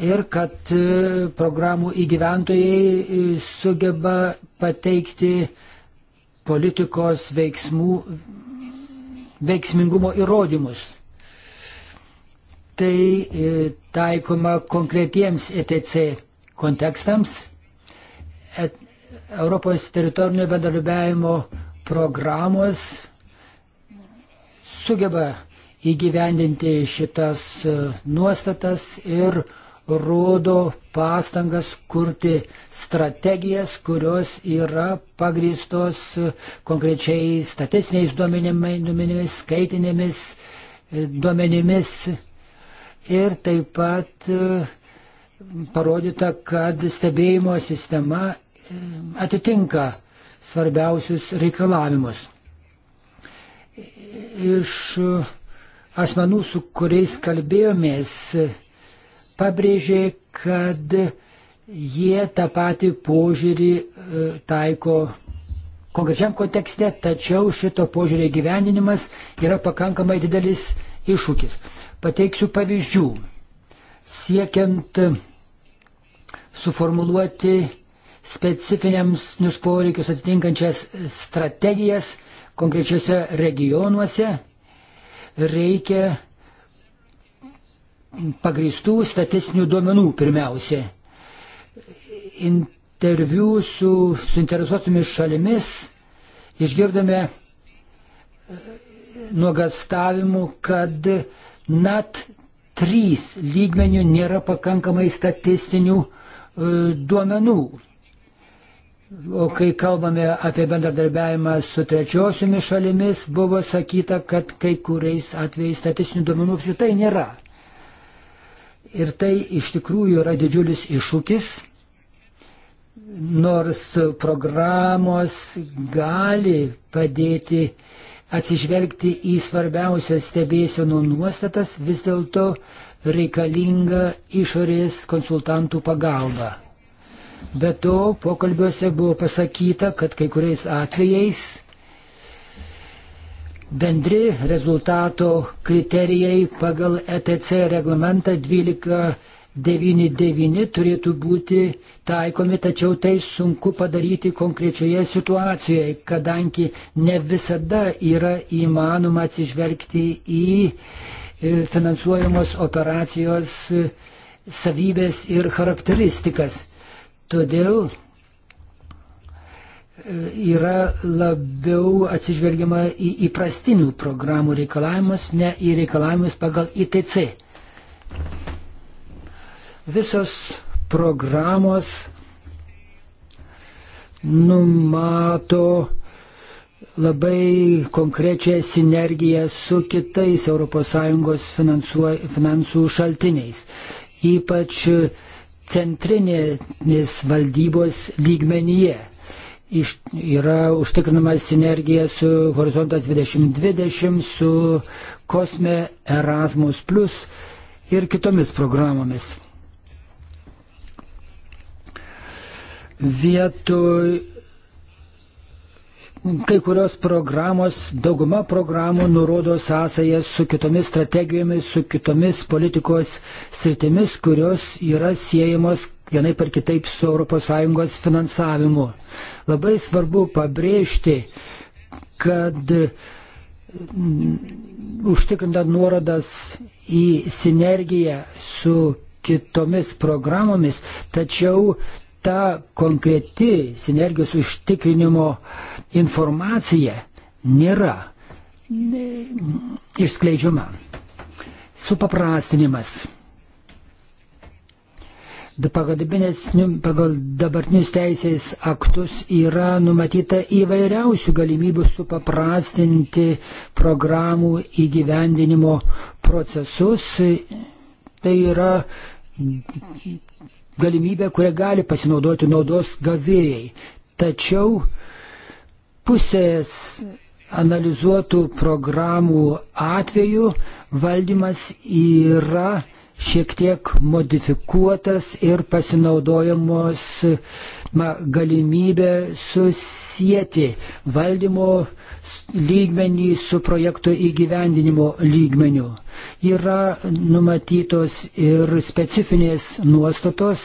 ir kad e, programų įgyventojai e, sugeba pateikti politikos veiksmų veiksmingumo įrodymus. Tai e, taikoma konkretiems ETC kontekstams. Et, Europos teritorinio bendradarbiavimo programos sugeba įgyvendinti šitas nuostatas ir uh, rodo pastangas kurti strategijas, kurios yra pagristos konkrečiai statistiniais duomenimis, skaitinėmis e, duomenimis ir taip pat e, parodyta, kad stebėjimo sistema e, atitinka svarbiausius reikalavimus. Iš asmenų, su kuriais kalbėjomės, pabrėžė, kad jie tą patį požiūrį e, taiko konkrečiam kontekste, tačiau šito požiūrį gyveninimas yra pakankamai didelis iššūkis. Pateiksiu pavyzdžių. Siekiant suformuluoti specifiniams nusporeikius atitinkančias strategijas konkrečiuose regionuose, reikia pagristų statistinių duomenų pirmiausia. Interviu su suinteresuotomis šalimis išgirdome e, nuogastavimų, kad net trys lygmenių nėra pakankamai statistinių e, duomenų. O kai kalbame apie bendradarbiavimą su trečiosiomis šalimis, buvo sakyta, kad kai kuriais atvejais statistinių duomenų apsitai nėra. Ir tai iš tikrųjų yra didžiulis iššūkis, nors programos gali padėti atsižvelgti į svarbiausias stebėsienų nuostatas, vis dėlto reikalinga išorės konsultantų pagalba. Be to, pokalbiuose buvo pasakyta, kad kai kuriais atvejais bendri rezultato kriterijai pagal ETC reglamentą 1299 turėtų būti taikomi, tačiau tai sunku padaryti konkrečioje situacijoje, kadangi ne visada yra įmanoma atsižvelgti į e, finansuojamos operacijos e, savybės ir charakteristikas. Todėl yra labiau atsižvelgiama į įprastinių programų reikalavimus, ne į reikalavimus pagal ITC. Visos programos numato labai konkrečią sinergiją su kitais ES finansų šaltiniais. Ypač centrinės valdybos lygmenyje iš, yra užtikrinama sinergija su Horizontas 2020, su Kosme Erasmus Plus ir kitomis programomis. Vietoj kai kurios programos, dauguma programų nurodo sąsajas su kitomis strategijomis, su kitomis politikos sritimis, kurios yra siejamos vienai par kitaip su ES finansavimu. Labai svarbu pabrėžti, kad mm, užtikrinta nuorodas į sinergiją su kitomis programomis, tačiau ta konkreti sinergijos užtikrinimo informacija nėra išskleidžiama. Supaprastinimas Pagal, pagal dabartinius teisės aktus yra numatyta įvairiausių galimybių supaprastinti programų įgyvendinimo procesus. Tai yra galimybė, kurią gali pasinaudoti naudos gavėjai. Tačiau pusės analizuotų programų atveju valdymas yra šiek tiek modifikuotas ir pasinaudojamos ma, galimybė susijęti valdymo lygmenį su projekto įgyvendinimo lygmeniu. Yra numatytos ir specifinės nuostatos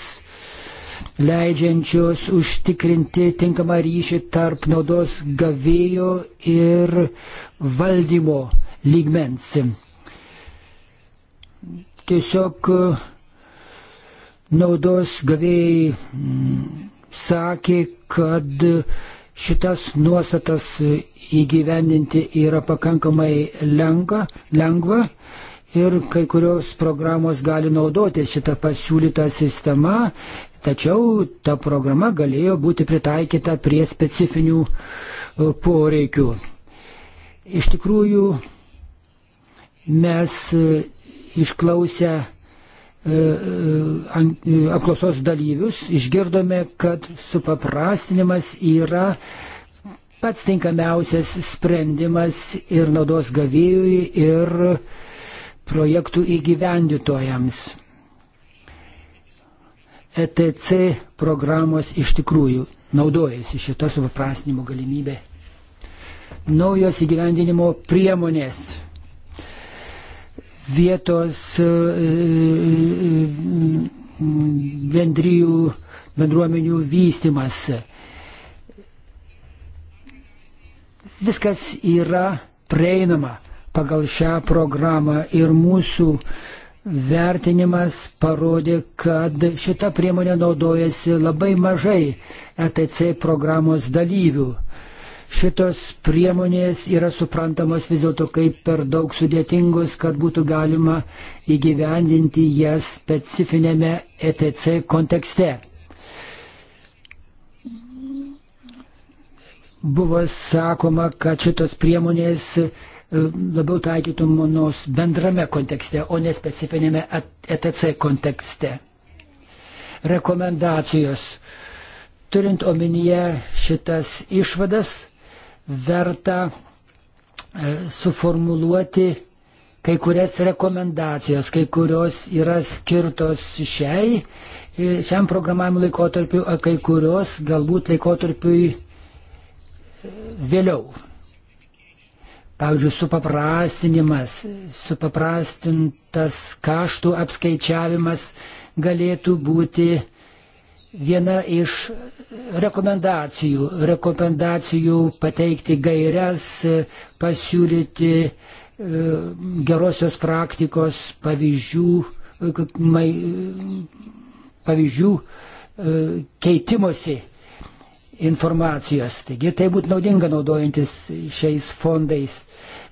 leidžiančios užtikrinti tinkamą ryšį tarp naudos gavėjo ir valdymo lygmens tiesiog e, naudos gavėjai mm, sakė, kad šitas nuostatas įgyvendinti yra pakankamai lengva, lengva ir kai kurios programos gali naudotis šitą pasiūlytą sistemą, tačiau ta programa galėjo būti pritaikyta prie specifinių e, poreikių. Iš tikrųjų, mes e, išklausę e, e, e, apklausos dalyvius, išgirdome, kad supaprastinimas yra pats tinkamiausias sprendimas ir naudos gavėjui, ir projektų įgyvendytojams. ETC programos iš tikrųjų naudojasi šitą supaprastinimo galimybę. Naujos įgyvendinimo priemonės vietos e, e, bendrijų, bendruomenių vystimas. Viskas yra prieinama pagal šią programą ir mūsų vertinimas parodė, kad šita priemonė naudojasi labai mažai ETC programos dalyvių šitos priemonės yra suprantamos vis dėlto kaip per daug sudėtingos, kad būtų galima įgyvendinti jas specifinėme ETC kontekste. Buvo sakoma, kad šitos priemonės e, labiau taikytų monos bendrame kontekste, o ne specifinėme ETC kontekste. Rekomendacijos. Turint omenyje šitas išvadas, verta e, suformuluoti kai kurias rekomendacijos, kai kurios yra skirtos šiai, e, šiam programavimo laikotarpiu, o kai kurios galbūt laikotarpiui e, vėliau. Pavyzdžiui, supaprastinimas, supaprastintas kaštų apskaičiavimas galėtų būti viena iš rekomendacijų, rekomendacijų pateikti gairias, pasiūlyti e, gerosios praktikos pavyzdžių, e, e, pavyzdžių keitimosi informacijos. Taigi tai būtų naudinga naudojantis šiais fondais.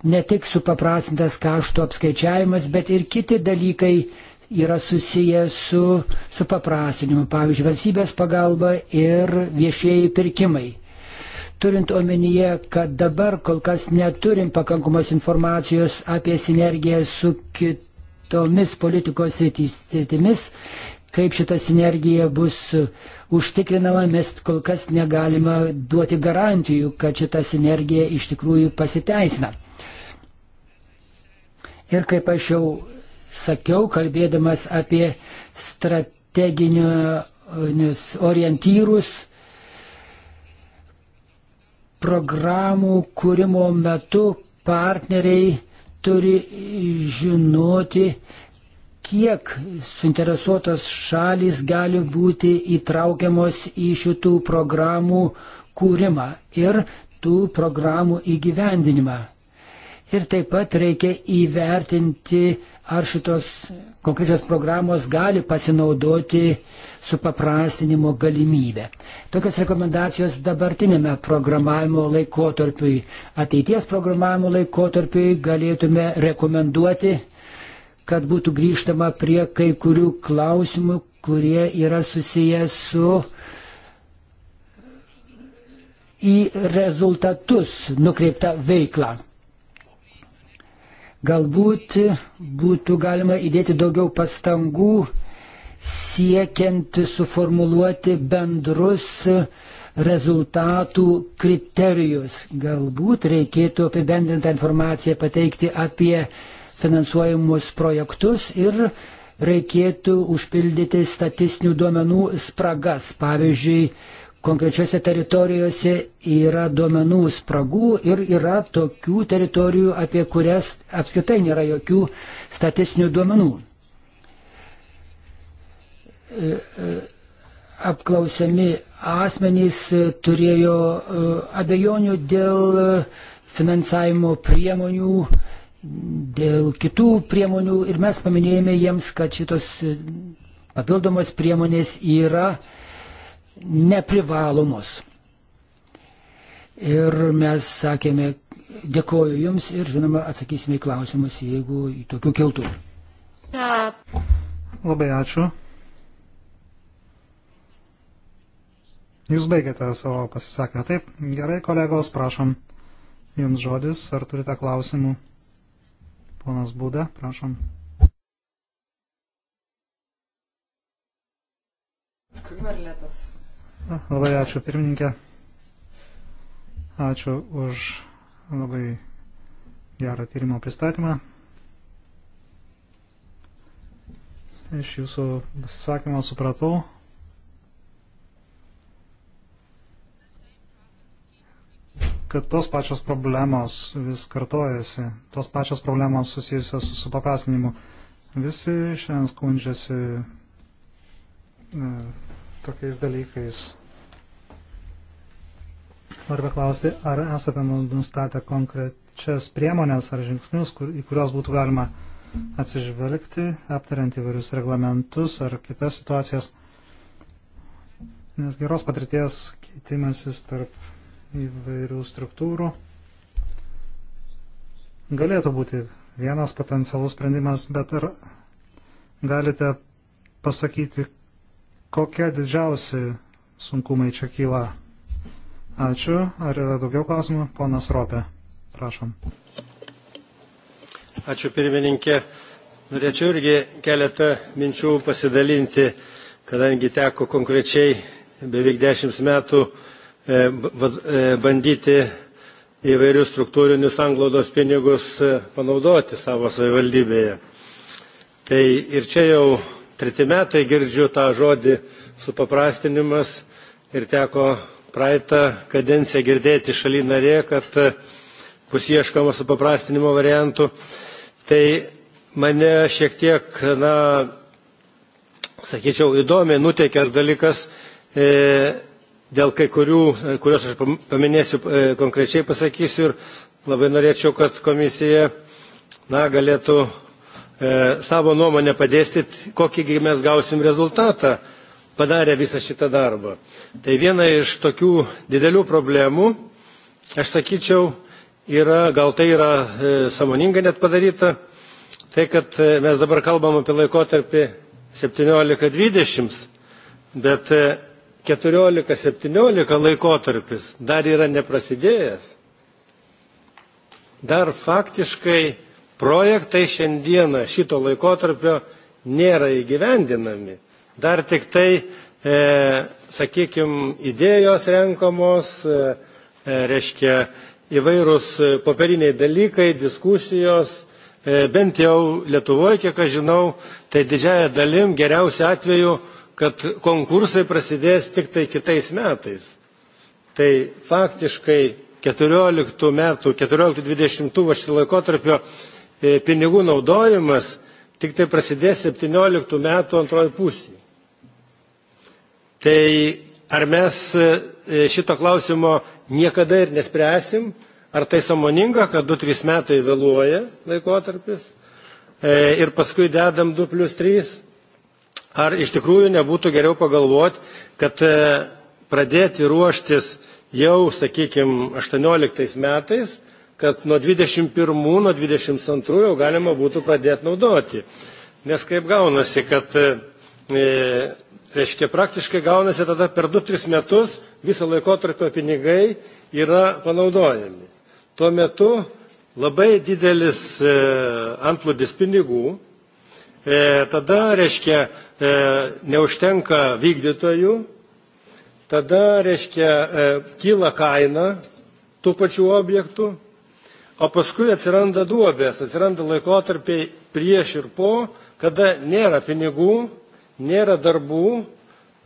Ne tik supaprastintas kaštų apskaičiavimas, bet ir kiti dalykai, yra susiję su, su paprastinimu, pavyzdžiui, valstybės pagalba ir viešieji pirkimai. Turint omenyje, kad dabar kol kas neturim pakankamos informacijos apie sinergiją su kitomis politikos sritimis, kaip šita sinergija bus užtikrinama, mes kol kas negalime duoti garantijų, kad šita sinergija iš tikrųjų pasiteisina. Ir kaip aš jau sakiau, kalbėdamas apie strateginius orientyrus programų kūrimo metu partneriai turi žinoti, kiek suinteresuotos šalis gali būti įtraukiamos į šitų programų kūrimą ir tų programų įgyvendinimą ir taip pat reikia įvertinti, ar šitos konkrečios programos gali pasinaudoti su paprastinimo galimybė. Tokios rekomendacijos dabartinėme programavimo laikotarpiui, ateities programavimo laikotarpiui galėtume rekomenduoti, kad būtų grįžtama prie kai kurių klausimų, kurie yra susiję su į rezultatus nukreipta veikla. Galbūt būtų galima įdėti daugiau pastangų siekiant suformuluoti bendrus rezultatų kriterijus. Galbūt reikėtų apibendrintą informaciją pateikti apie finansuojamus projektus ir reikėtų užpildyti statistinių duomenų spragas. Pavyzdžiui, konkrečiose teritorijose yra duomenų spragų ir yra tokių teritorijų, apie kurias apskritai nėra jokių statistinių duomenų. E, e, apklausiami asmenys turėjo e, abejonių dėl finansavimo priemonių, dėl kitų priemonių ir mes paminėjome jiems, kad šitos papildomos priemonės yra uh, neprivalomos. Ir mes sakėme, dėkoju Jums ir žinoma atsakysime į klausimus, jeigu tokių kiltų. Labai ačiū. Jūs baigėte savo pasisakymą. Taip, gerai, kolegos, prašom. Jums žodis, ar turite klausimų? Ponas Būda, prašom. Kur lėtas? Labai ačiū pirmininkė. Ačiū už labai gerą tyrimo pristatymą. Iš jūsų pasisakymą supratau, kad tos pačios problemos vis kartojasi, tos pačios problemos susijusios su supaprastinimu. Visi šiandien skundžiasi e, tokiais dalykais. Noriu paklausti, ar esate nu- nustatę konkrečias priemonės ar žingsnius, kur, į kuriuos būtų galima atsižvelgti, aptariant įvairius reglamentus ar kitas situacijas. Nes geros patirties keitimasis tarp įvairių struktūrų galėtų būti vienas potencialus sprendimas, bet ar galite pasakyti, Kokie didžiausi sunkumai čia kyla? Ačiū. Ar yra daugiau klausimų? Ponas Ropė, prašom. Ačiū pirmininkė. Norėčiau irgi keletą minčių pasidalinti, kadangi teko konkrečiai beveik dešimt metų e, e, bandyti įvairius struktūrinius anglodos pinigus e, panaudoti savo savivaldybėje. Tai ir čia jau treti metai girdžiu tą žodį supaprastinimas ir teko praeitą kadenciją girdėti šaly narė, kad bus ieškama supaprastinimo variantų. Tai mane šiek tiek, na, sakyčiau, įdomiai nuteikęs dalykas e, dėl kai kurių, e, kuriuos aš paminėsiu e, konkrečiai pasakysiu ir labai norėčiau, kad komisija na, galėtų E, savo nuomonę padėstyt, kokį mes gausim rezultatą padarę visą šitą darbą. Tai viena iš tokių didelių problemų, aš sakyčiau, yra, gal tai yra e, samoninga net padaryta, tai kad e, mes dabar kalbam apie laikotarpį 17-20, bet 14-17 e, laikotarpis dar yra neprasidėjęs. Dar faktiškai projektai šiandieną šito laikotarpio nėra įgyvendinami. Dar tik tai, e, sakykime, idėjos renkamos, e, e, reiškia įvairūs popieriniai dalykai, diskusijos, e, bent jau Lietuvoje, kiek aš žinau, tai didžiaja dalim geriausiu atveju, kad konkursai prasidės tik tai kitais metais. Tai faktiškai 14 metų, 14-20 šitą laikotarpio E, pinigų naudojimas tik tai prasidės 17 metų antroji pusė. Tai ar mes e, šito klausimo niekada ir nespręsim, ar tai samoninga, kad 2-3 metai vėluoja laikotarpis e, ir paskui dedam 2 plus 3, ar iš tikrųjų nebūtų geriau pagalvoti, kad pradėti ruoštis jau, sakykime, 18 metais kad nuo 21, nuo 22 jau galima būtų pradėti naudoti. Nes kaip gaunasi, kad, e, e reiškia, praktiškai gaunasi tada per 2-3 metus visą laikotarpio pinigai yra panaudojami. Tuo metu labai didelis e, antplūdis pinigų, e, tada, reiškia, e, neužtenka vykdytojų, tada, reiškia, e, kyla kaina tų pačių objektų, o paskui atsiranda duobės, atsiranda laikotarpiai prieš ir po, kada nėra pinigų, nėra darbų,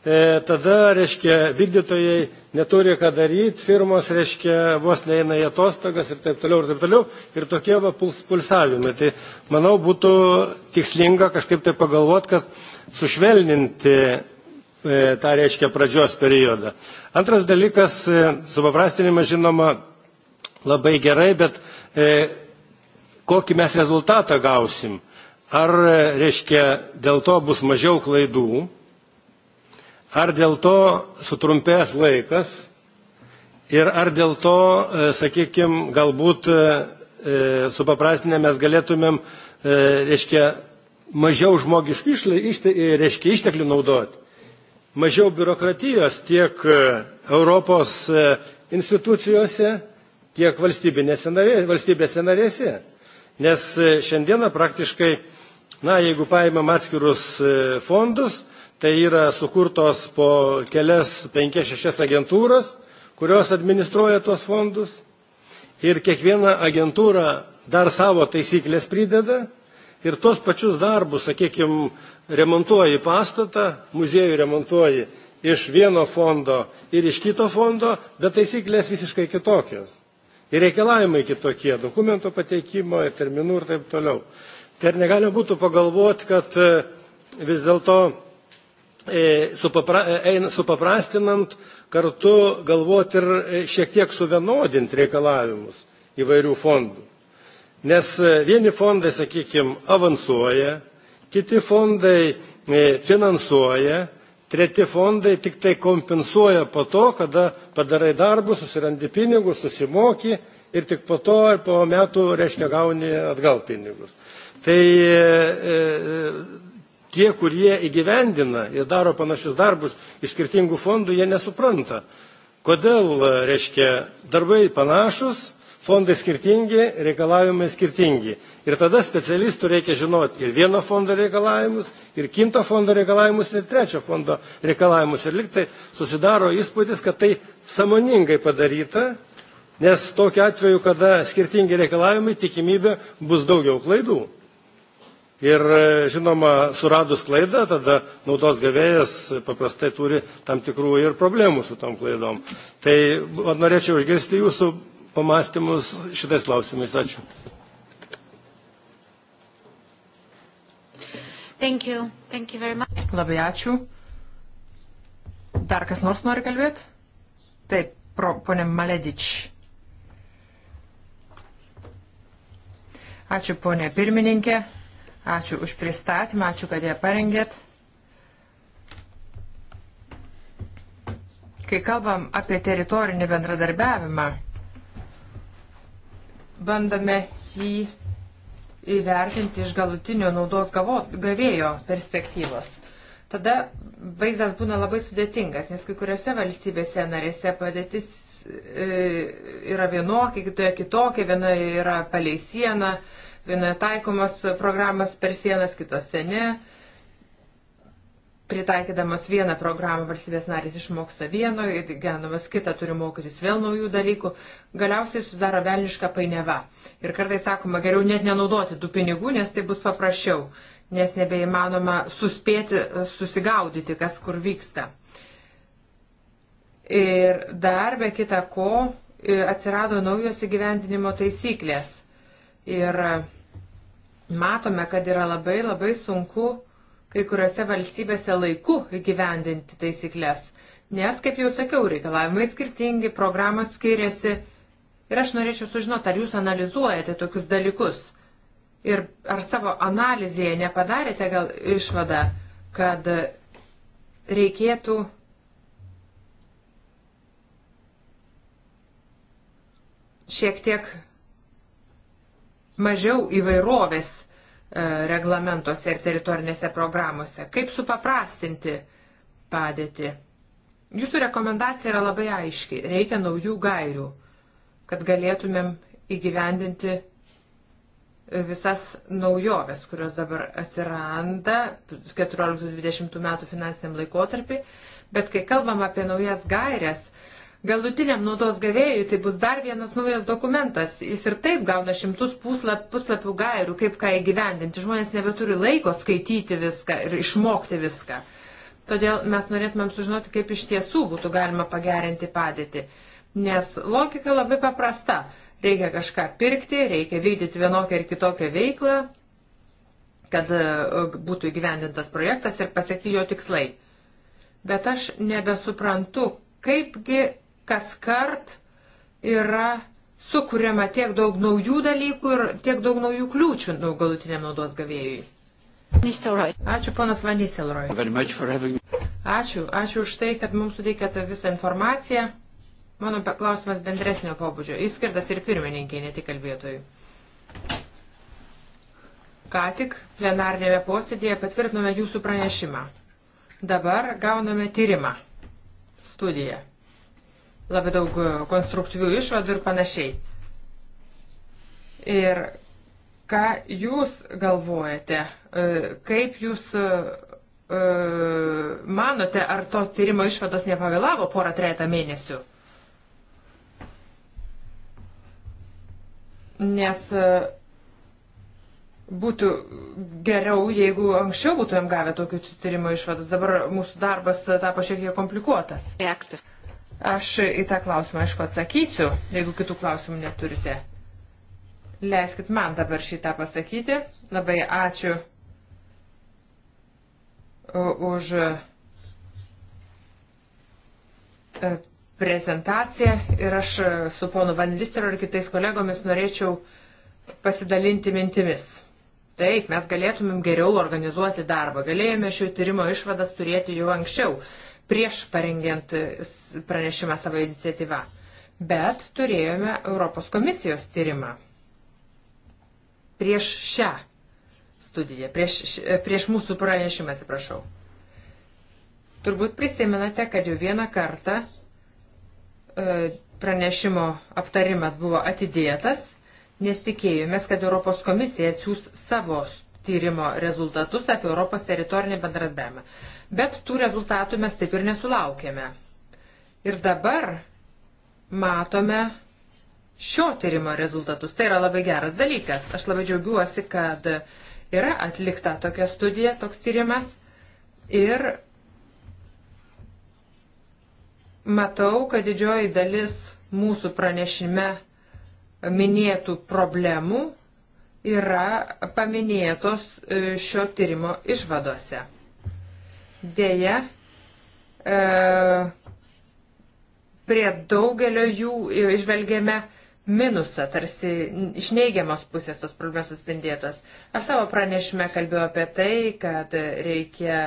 e, tada, reiškia, vykdytojai neturi ką daryti, firmos, reiškia, vos neina į atostogas ir taip toliau ir taip toliau. Ir tokie va puls, pulsavimai. Tai manau būtų tikslinga kažkaip tai pagalvoti, kad sušvelninti e, tą, reiškia, pradžios periodą. Antras dalykas, e, supaprastinimas žinoma, labai gerai, bet e, kokį mes rezultatą gausim. Ar, e, reiškia, dėl to bus mažiau klaidų, ar dėl to sutrumpės laikas ir ar dėl to, e, sakykime, galbūt e, supaprastinę mes galėtumėm, reiškia, mažiau žmogiškų reiškia, išteklių naudoti, mažiau biurokratijos tiek Europos institucijose, tiek valstybinėse narėse, valstybėse narėse. Nes e, šiandieną praktiškai, na, jeigu paimam atskirus e, fondus, tai yra sukurtos po kelias, penkias, šešias agentūras, kurios administruoja tuos fondus. Ir kiekviena agentūra dar savo taisyklės prideda. Ir tuos pačius darbus, sakykime, remontuoji pastatą, muziejų remontuoji iš vieno fondo ir iš kito fondo, bet taisyklės visiškai kitokios. Ir reikalavimai kitokie, dokumento pateikimo, terminų ir taip toliau. Tai ar negalima būtų pagalvoti, kad e, vis dėlto e, e, supaprastinant kartu galvoti ir šiek tiek suvienodinti reikalavimus įvairių fondų. Nes vieni fondai, sakykime, avansuoja, kiti fondai finansuoja, treti fondai tik tai kompensuoja po to, kada padarai darbus, susirandi pinigus, susimoki ir tik po to, po metų, reiškia, gauni atgal pinigus. Tai e, e tie, kurie įgyvendina ir daro panašius darbus iš skirtingų fondų, jie nesupranta, kodėl, reiškia, darbai panašus, fondai skirtingi, reikalavimai skirtingi. Ir tada specialistų reikia žinoti ir vieno fondo reikalavimus, ir kinto fondo reikalavimus, ir trečio fondo reikalavimus. Ir liktai susidaro įspūdis, kad tai samoningai padaryta, nes tokiu atveju, kada skirtingi reikalavimai, tikimybė bus daugiau klaidų. Ir e, žinoma, suradus klaidą, tada naudos gavėjas paprastai turi tam tikrų ir problemų su tom klaidom. Tai norėčiau išgirsti jūsų pamastymus šitais klausimais. Ačiū. Thank you. Thank you very much. Labai ačiū. Dar kas nors nori kalbėti? Taip, pro, ponė Maledič. Ačiū ponė pirmininkė, ačiū už pristatymą, ačiū, kad ją parengėt. Kai kalbam apie teritorinį bendradarbiavimą, bandome jį įvertinti iš galutinio naudos gavo, gavėjo perspektyvos. Tada vaizdas būna labai sudėtingas, nes kai kuriuose valstybėse narėse padėtis e, yra vienokia, kitoje kitokia, vienoje yra palei sieną, vienoje taikomas programas per sienas, kitose ne. Uh, pritaikydamos vieną programą valstybės narės išmoksta vieno ir gyvenamos kitą turi mokytis vėl naujų dalykų, galiausiai sudaro velnišką painiavą. Ir kartais sakoma, geriau net nenaudoti tų pinigų, nes tai bus paprasčiau, nes nebeįmanoma suspėti, susigaudyti, kas kur vyksta. Ir dar be kita ko e, atsirado naujos įgyvendinimo taisyklės. Ir e, matome, kad yra labai labai sunku kai kuriuose valstybėse laiku įgyvendinti taisyklės. Nes, kaip jau sakiau, reikalavimai skirtingi, programos skiriasi. Ir aš norėčiau sužinoti, ar jūs analizuojate tokius dalykus. Ir ar savo analizėje nepadarėte gal išvadą, kad reikėtų šiek tiek mažiau įvairovės E, reglamentuose ir teritorinėse programuose. Kaip supaprastinti padėtį? Jūsų rekomendacija yra labai aiški. Reikia naujų gairių, kad galėtumėm įgyvendinti visas naujoves, kurios dabar atsiranda 14-20 metų finansiniam laikotarpį. Bet kai kalbam apie naujas gairias, Galutiniam naudos gavėjui tai bus dar vienas naujas dokumentas. Jis ir taip gauna šimtus puslap, puslapių gairių, kaip ką įgyvendinti. Žmonės nebeturi laiko skaityti viską ir išmokti viską. Todėl mes norėtumėm sužinoti, kaip iš tiesų būtų galima pagerinti padėtį. Nes logika labai paprasta. Reikia kažką pirkti, reikia vykdyti vienokią ir kitokią veiklą, kad e, būtų įgyvendintas projektas ir pasiekti jo tikslai. Bet aš nebesuprantu, kaipgi kas kart yra sukuriama tiek daug naujų dalykų ir tiek daug naujų kliūčių galutiniam naudos gavėjui. Ačiū ponas Vaniselroj. Ačiū, ačiū už tai, kad mums suteikėte visą informaciją. Mano klausimas bendresnio pobūdžio. Jis skirtas ir pirmininkiai, ne tik kalbėtojai. Ką tik plenarnėme posėdėje patvirtinome jūsų pranešimą. Dabar gauname tyrimą, studiją labai daug e, konstruktyvių išvadų ir panašiai. Ir ką jūs galvojate, e, kaip jūs e, manote, ar to tyrimo išvados nepavėlavo porą trejata mėnesių? Nes būtų geriau, jeigu anksčiau būtumėm gavę tokių tyrimo išvadas. Dabar mūsų darbas tapo šiek tiek komplikuotas. Reaktiv. Aš į tą klausimą, aišku, atsakysiu, jeigu kitų klausimų neturite. Leiskit man dabar šitą pasakyti. Labai ačiū e, už e, prezentaciją ir aš e, su ponu Van Listeru ir kitais kolegomis norėčiau pasidalinti mintimis. Taip, mes galėtumėm geriau organizuoti darbą. Galėjome šio tyrimo išvadas turėti jau anksčiau prieš parengiant pranešimą savo iniciatyvą. Bet turėjome Europos komisijos tyrimą prieš šią studiją, prieš, prieš mūsų pranešimą, atsiprašau. Turbūt prisimenate, kad jau vieną kartą e, pranešimo aptarimas buvo atidėtas, nes tikėjomės, kad Europos komisija atsiūs savo studiją tyrimo rezultatus apie Europos teritorinį bendradarbiavimą. Bet tų rezultatų mes taip ir nesulaukėme. Ir dabar matome šio tyrimo rezultatus. Tai yra labai geras dalykas. Aš labai džiaugiuosi, kad yra atlikta tokia studija, toks tyrimas. Ir matau, kad didžioji dalis mūsų pranešime minėtų problemų yra paminėtos e, šio tyrimo išvadose. Deja, e, prie daugelio jų išvelgėme minusą, tarsi iš neigiamos pusės tos problemos atspindėtos. Aš savo pranešime kalbėjau apie tai, kad reikia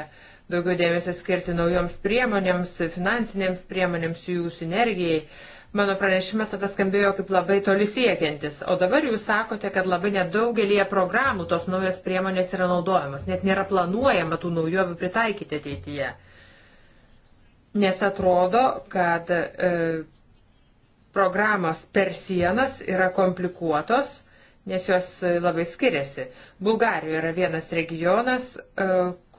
daugiau dėmesio skirti naujoms priemonėms, finansinėms priemonėms, jų sinergijai. Uh, Mano pranešimas tada skambėjo kaip labai toli siekiantis, o dabar jūs sakote, kad labai nedaugelie programų tos naujos priemonės yra naudojamas, net nėra planuojama tų naujovių pritaikyti ateityje. Nes atrodo, kad e, programos per sienas yra komplikuotos, nes jos e, labai skiriasi. Bulgarijoje yra vienas regionas, e,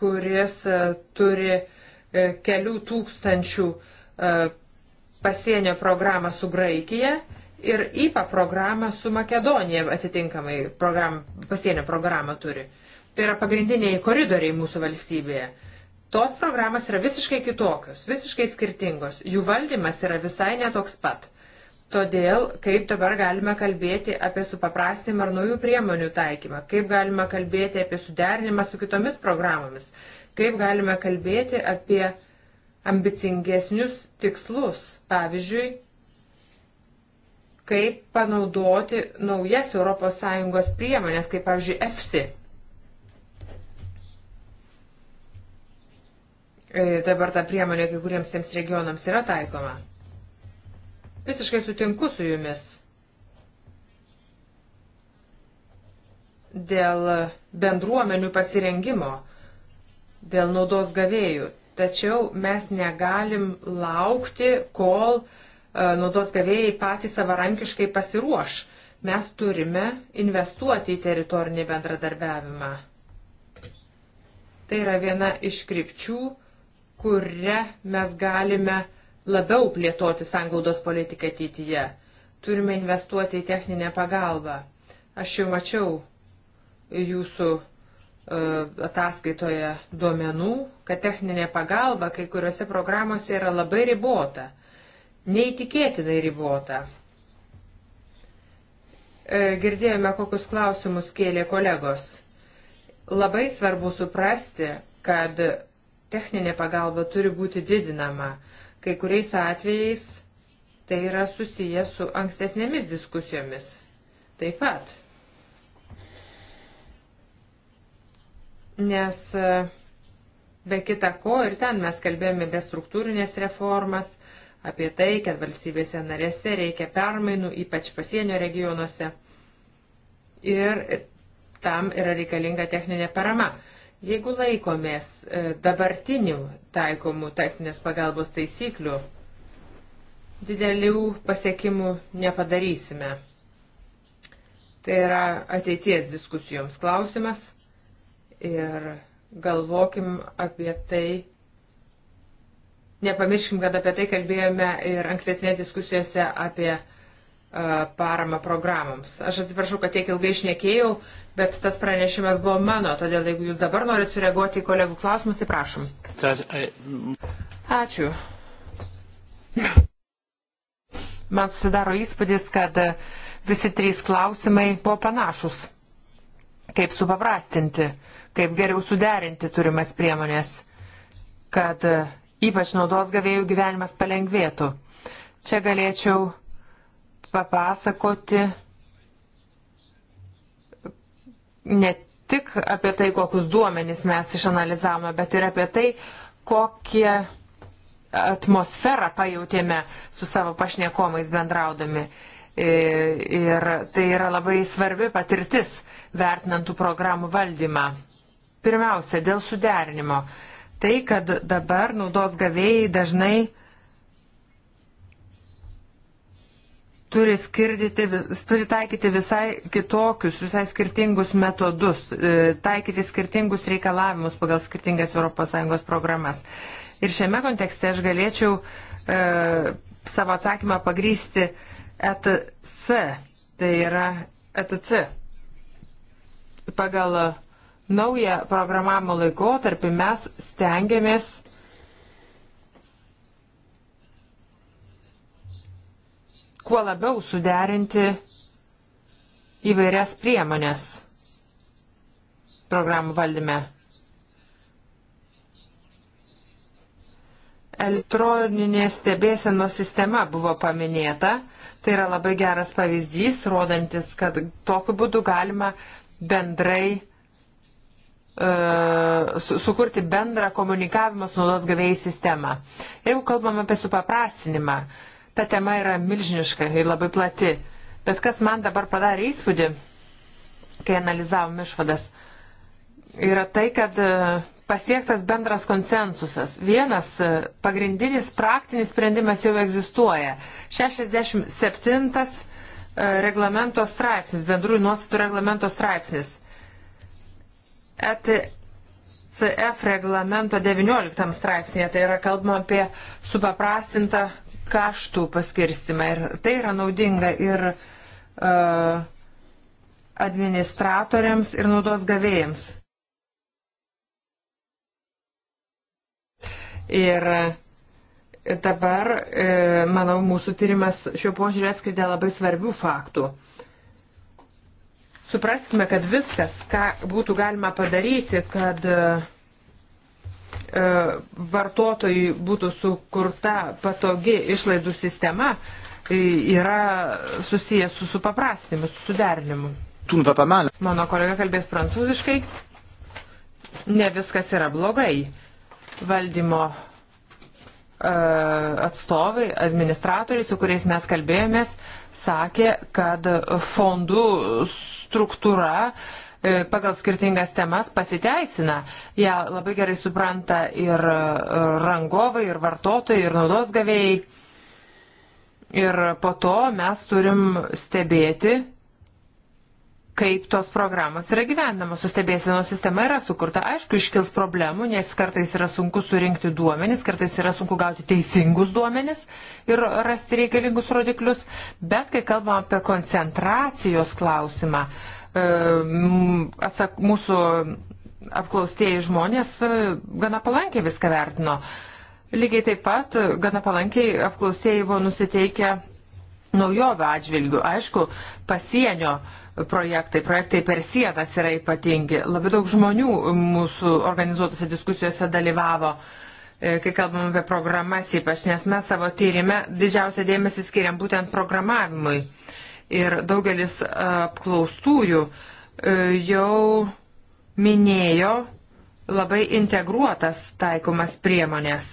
kuris e, turi e, kelių tūkstančių e, pasienio programą su Graikija ir IPA programą su Makedonija atitinkamai program, pasienio programą turi. Tai yra pagrindiniai koridoriai mūsų valstybėje. Tos programos yra visiškai kitokios, visiškai skirtingos. Jų valdymas yra visai netoks pat. Todėl, kaip dabar galime kalbėti apie supaprastinimą ar naujų priemonių taikymą, kaip galime kalbėti apie suderinimą su kitomis programomis, kaip galime kalbėti apie uh, ambicingesnius tikslus, pavyzdžiui, kaip panaudoti naujas ES priemonės, kaip pavyzdžiui EFSI. Dabar ta priemonė kai kuriems tiems regionams yra taikoma. Visiškai sutinku su jumis. Dėl bendruomenių pasirengimo, dėl naudos gavėjų. Tačiau mes negalim laukti, kol e, naudos gavėjai patys savarankiškai pasiruoš. Mes turime investuoti į teritorinį bendradarbiavimą. Tai yra viena iš krypčių, kuria mes galime labiau plėtoti sanglaudos politiką ateityje. Turime investuoti į techninę pagalbą. Aš jau mačiau jūsų E, ataskaitoje duomenų, kad techninė pagalba kai kuriuose programuose yra labai ribota, neįtikėtinai ribota. E, girdėjome, kokius klausimus kėlė kolegos. Labai svarbu suprasti, kad techninė pagalba turi būti didinama. Kai kuriais atvejais tai yra susiję su ankstesnėmis diskusijomis. Taip pat nes e, be kita ko ir ten mes kalbėjome apie struktūrinės reformas, apie tai, kad valstybėse narėse reikia permainų, ypač pasienio regionuose. Ir tam yra reikalinga techninė parama. Jeigu laikomės e, dabartinių taikomų techninės pagalbos taisyklių, didelių pasiekimų nepadarysime. Tai yra ateities diskusijoms klausimas. Ir galvokim apie tai, nepamirškim, kad apie tai kalbėjome ir ankstesnėje diskusijose apie parama programoms. Aš atsiprašau, kad tiek ilgai išnekėjau, bet tas pranešimas buvo mano, todėl jeigu jūs dabar norit sureaguoti į kolegų klausimus, įprašom. Tai Ačiū. Man susidaro įspūdis, kad visi trys klausimai buvo panašus. Kaip supaprastinti? Uh, kaip geriau suderinti turimas priemonės, kad e, ypač naudos gavėjų gyvenimas palengvėtų. Čia galėčiau papasakoti ne tik apie tai, kokius duomenys mes išanalizavome, bet ir apie tai, kokią atmosferą pajutėme su savo pašnekomais bendraudami. E, ir tai yra labai svarbi patirtis vertinantų programų valdymą. Pirmiausia, dėl suderinimo. Tai, kad dabar naudos gavėjai dažnai turi, skirdyti, turi taikyti visai kitokius, visai skirtingus metodus, e, taikyti skirtingus reikalavimus pagal skirtingas ES programas. Ir šiame kontekste aš galėčiau e, savo atsakymą pagrysti ETC, tai yra ETC pagal naują programavimo laikotarpį mes stengiamės kuo labiau suderinti įvairias priemonės programų valdyme. Elektroninė stebėsenos sistema buvo paminėta. Tai yra labai geras pavyzdys, rodantis, kad tokiu būdu galima bendrai E, su, sukurti bendrą komunikavimo su naudos gavėjai sistemą. Jeigu kalbam apie supaprastinimą, ta tema yra milžiniška ir labai plati. Bet kas man dabar padarė įspūdį, kai analizavom išvadas, yra tai, kad e, pasiektas bendras konsensusas. Vienas e, pagrindinis praktinis sprendimas jau egzistuoja. 67 reglamento straipsnis, bendrųjų nuostatų reglamento straipsnis ETCF reglamento 19 straipsnėje, tai yra kalbama apie supaprastintą kaštų paskirstimą ir tai yra naudinga ir uh, administratoriams ir naudos gavėjams. Ir e, dabar, e, manau, mūsų tyrimas šiuo požiūrė atskridė labai svarbių faktų. Supraskime, kad viskas, ką būtų galima padaryti, kad e, e, vartotojui būtų sukurta patogi išlaidų sistema, e, yra susijęs su supaprastinimu, su suderinimu. Mano kolega kalbės prancūziškai. Ne viskas yra blogai. Valdymo atstovai, administratoriai, su kuriais mes kalbėjomės, uh, sakė, kad fondų struktūra e, pagal skirtingas temas pasiteisina. Ja labai gerai supranta ir e, rangovai, ir vartotojai, ir naudos gavėjai. Ir po to mes turim stebėti, kaip tos programos yra gyvenamos. Sustebėsienos sistema yra sukurta. Aišku, iškils problemų, nes kartais yra sunku surinkti duomenis, kartais yra sunku gauti teisingus duomenis ir rasti reikalingus rodiklius. Bet kai kalbam apie koncentracijos klausimą, e, atsak, mūsų apklaustieji žmonės e, gana palankiai viską vertino. Lygiai taip pat gana palankiai apklausėjai buvo nusiteikę naujovių atžvilgių. Aišku, pasienio projektai, projektai per sienas yra ypatingi. Labai daug žmonių mūsų organizuotose diskusijose dalyvavo e, kai kalbam apie programas ypač, nes mes savo tyrimę didžiausią dėmesį skiriam būtent programavimui. Ir daugelis apklaustųjų e, jau minėjo labai integruotas taikomas priemonės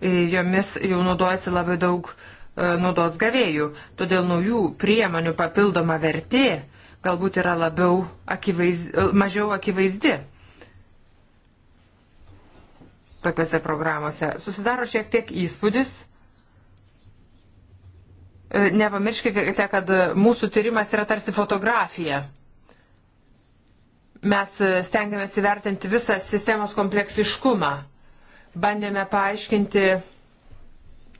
E, jomis jau naudojasi labai daug e, naudos gavėjų. Todėl naujų priemonių papildoma vertė galbūt yra labiau akivaiz, e, mažiau akivaizdi tokiuose programuose. Susidaro šiek tiek įspūdis. Nepamirškite, kad mūsų tyrimas yra tarsi fotografija. Mes stengiamės įvertinti visą sistemos kompleksiškumą bandėme paaiškinti,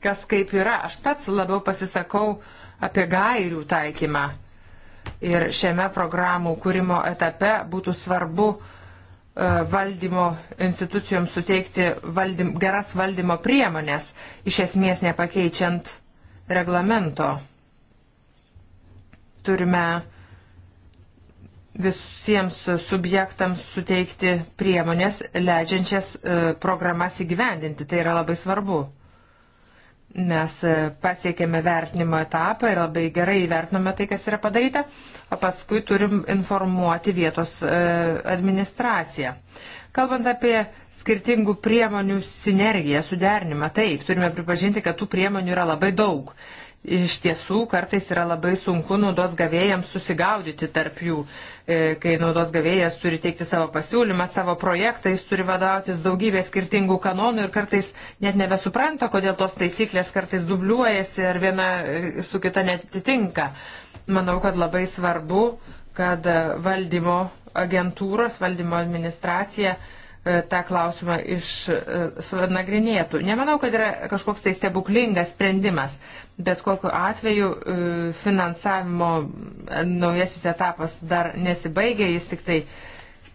kas kaip yra. Aš pats labiau pasisakau apie gairių taikymą. Ir šiame programų kūrimo etape būtų svarbu e, valdymo institucijoms suteikti valdym, geras valdymo priemonės, iš esmės nepakeičiant reglamento. Turime visiems subjektams suteikti priemonės, leidžiančias e, programas įgyvendinti. Tai yra labai svarbu. Mes e, pasiekėme vertinimo etapą ir labai gerai įvertinome tai, kas yra padaryta, o paskui turim informuoti vietos e, administraciją. Kalbant apie skirtingų priemonių sinergiją, suderinimą, taip, turime pripažinti, kad tų priemonių yra labai daug iš tiesų kartais yra labai sunku naudos gavėjams susigaudyti tarp jų. E, kai naudos gavėjas turi teikti savo pasiūlymą, savo projektą, jis turi vadovautis daugybė skirtingų kanonų ir kartais net nebesupranta, kodėl tos taisyklės kartais dubliuojasi ar viena e, su kita netitinka. Manau, kad labai svarbu, kad valdymo agentūros, valdymo administracija uh, E, tą klausimą išnagrinėtų. Nemanau, kad yra kažkoks tai stebuklingas sprendimas, bet kokiu atveju e, finansavimo naujasis etapas dar nesibaigė, jis tik tai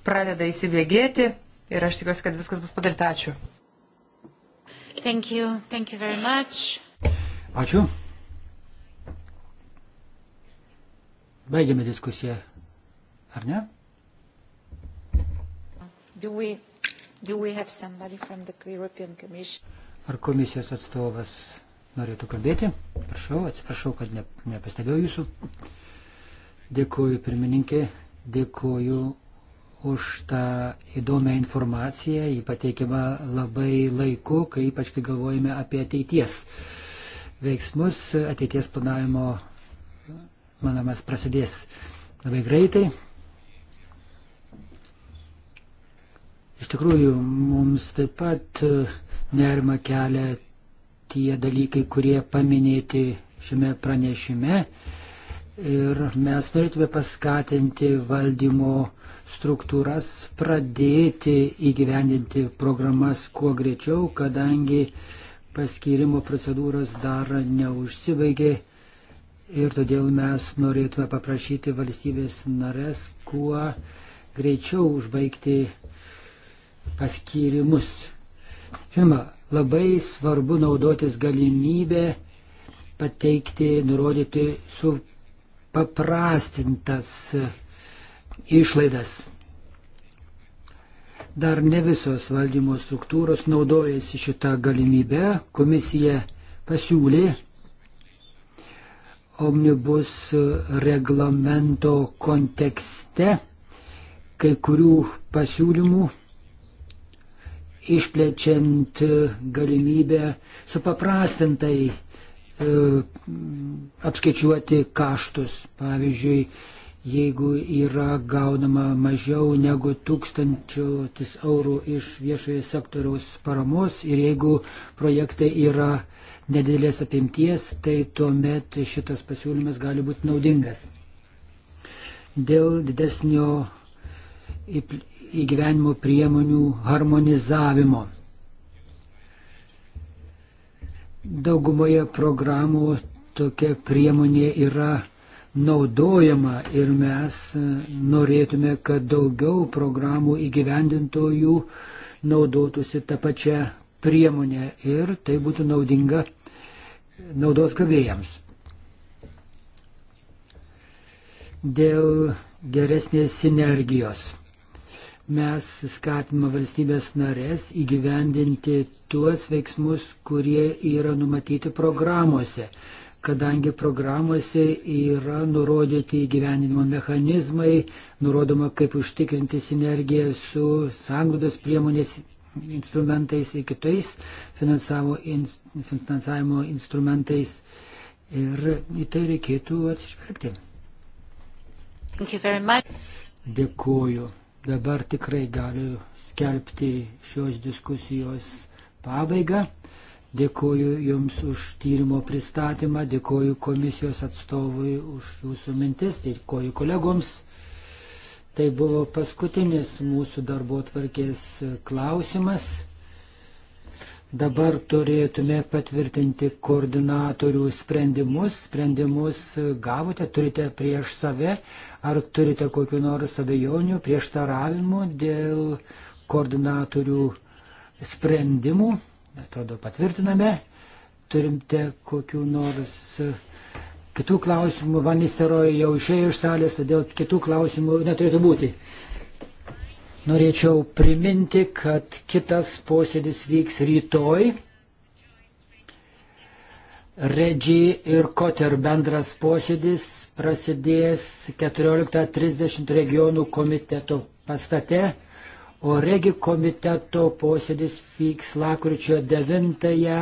pradeda įsibėgėti ir aš tikiuosi, kad viskas bus padaryta. Ačiū. Thank you. Thank you very much. Ačiū. Baigėme diskusiją, ar ne? Do we Ar komisijos atstovas norėtų kalbėti? Prašau, atsiprašau, kad ne, nepastebėjau jūsų. Dėkuoju pirmininkė, dėkuoju už tą įdomią informaciją, jį pateikiama labai laiku, kai ypač kai galvojame apie ateities veiksmus, ateities planavimo, manomas, prasidės labai greitai. Iš tikrųjų, mums taip pat e, nerima kelia tie dalykai, kurie paminėti šiame pranešime. Ir mes norėtume paskatinti valdymo struktūras pradėti įgyvendinti programas kuo greičiau, kadangi paskyrimo procedūros dar neužsibaigė. Ir todėl mes norėtume paprašyti valstybės narės kuo greičiau užbaigti paskyrimus. Žinoma, labai svarbu naudotis galimybę pateikti, nurodyti su paprastintas e, išlaidas. Dar ne visos valdymo struktūros naudojasi šitą galimybę. Komisija pasiūlė omnibus e, reglamento kontekste kai kurių pasiūlymų išplečiant galimybę supaprastintai e, apskaičiuoti kaštus. Pavyzdžiui, jeigu yra gaunama mažiau negu tūkstančius eurų iš viešojo sektoriaus paramos ir jeigu projektai yra nedidelės apimties, tai tuomet šitas pasiūlymas gali būti naudingas. Dėl didesnio įgyvenimo priemonių harmonizavimo. Daugumoje programų tokia priemonė yra naudojama ir mes norėtume, kad daugiau programų įgyvendintojų naudotųsi tą pačią priemonę ir tai būtų naudinga naudos gavėjams. Dėl geresnės sinergijos mes skatiname valstybės narės įgyvendinti tuos veiksmus, kurie yra numatyti programuose, kadangi programuose yra nurodyti įgyvendinimo mechanizmai, nurodoma, kaip užtikrinti sinergiją su sanglaudos priemonės instrumentais ir kitais finansavimo, finansavimo instrumentais. Ir į tai reikėtų atsižvelgti. Dėkuoju dabar tikrai galiu skelbti šios diskusijos pabaigą. Dėkuoju Jums už tyrimo pristatymą, dėkuoju komisijos atstovui už Jūsų mintis, dėkuoju kolegoms. Tai buvo paskutinis mūsų darbo tvarkės klausimas. Dabar turėtume patvirtinti koordinatorių sprendimus. Sprendimus gavote, turite prieš save. Ar turite kokiu nors abejonių, prieštaravimų dėl koordinatorių sprendimų? Atrodo, patvirtiname. Turimte kokiu nors e, kitų klausimų. Vanisteroje jau išėjo iš salės, todėl kitų klausimų neturėtų būti. Norėčiau priminti, kad kitas posėdis vyks rytoj. Regi ir Koter bendras posėdis prasidės 14.30 regionų komiteto pastate, o regi komiteto posėdis vyks lakryčio 9-ąją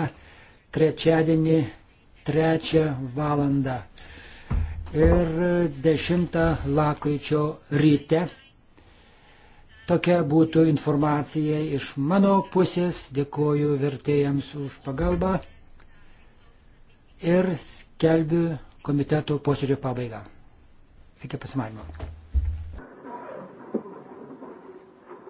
trečiadienį 3 valandą ir 10 lakryčio ryte. Tokia būtų informacija iš mano pusės. Dėkoju vertėjams už pagalbą ir skelbiu komiteto posėdžio pabaigą. Iki pasimatymo.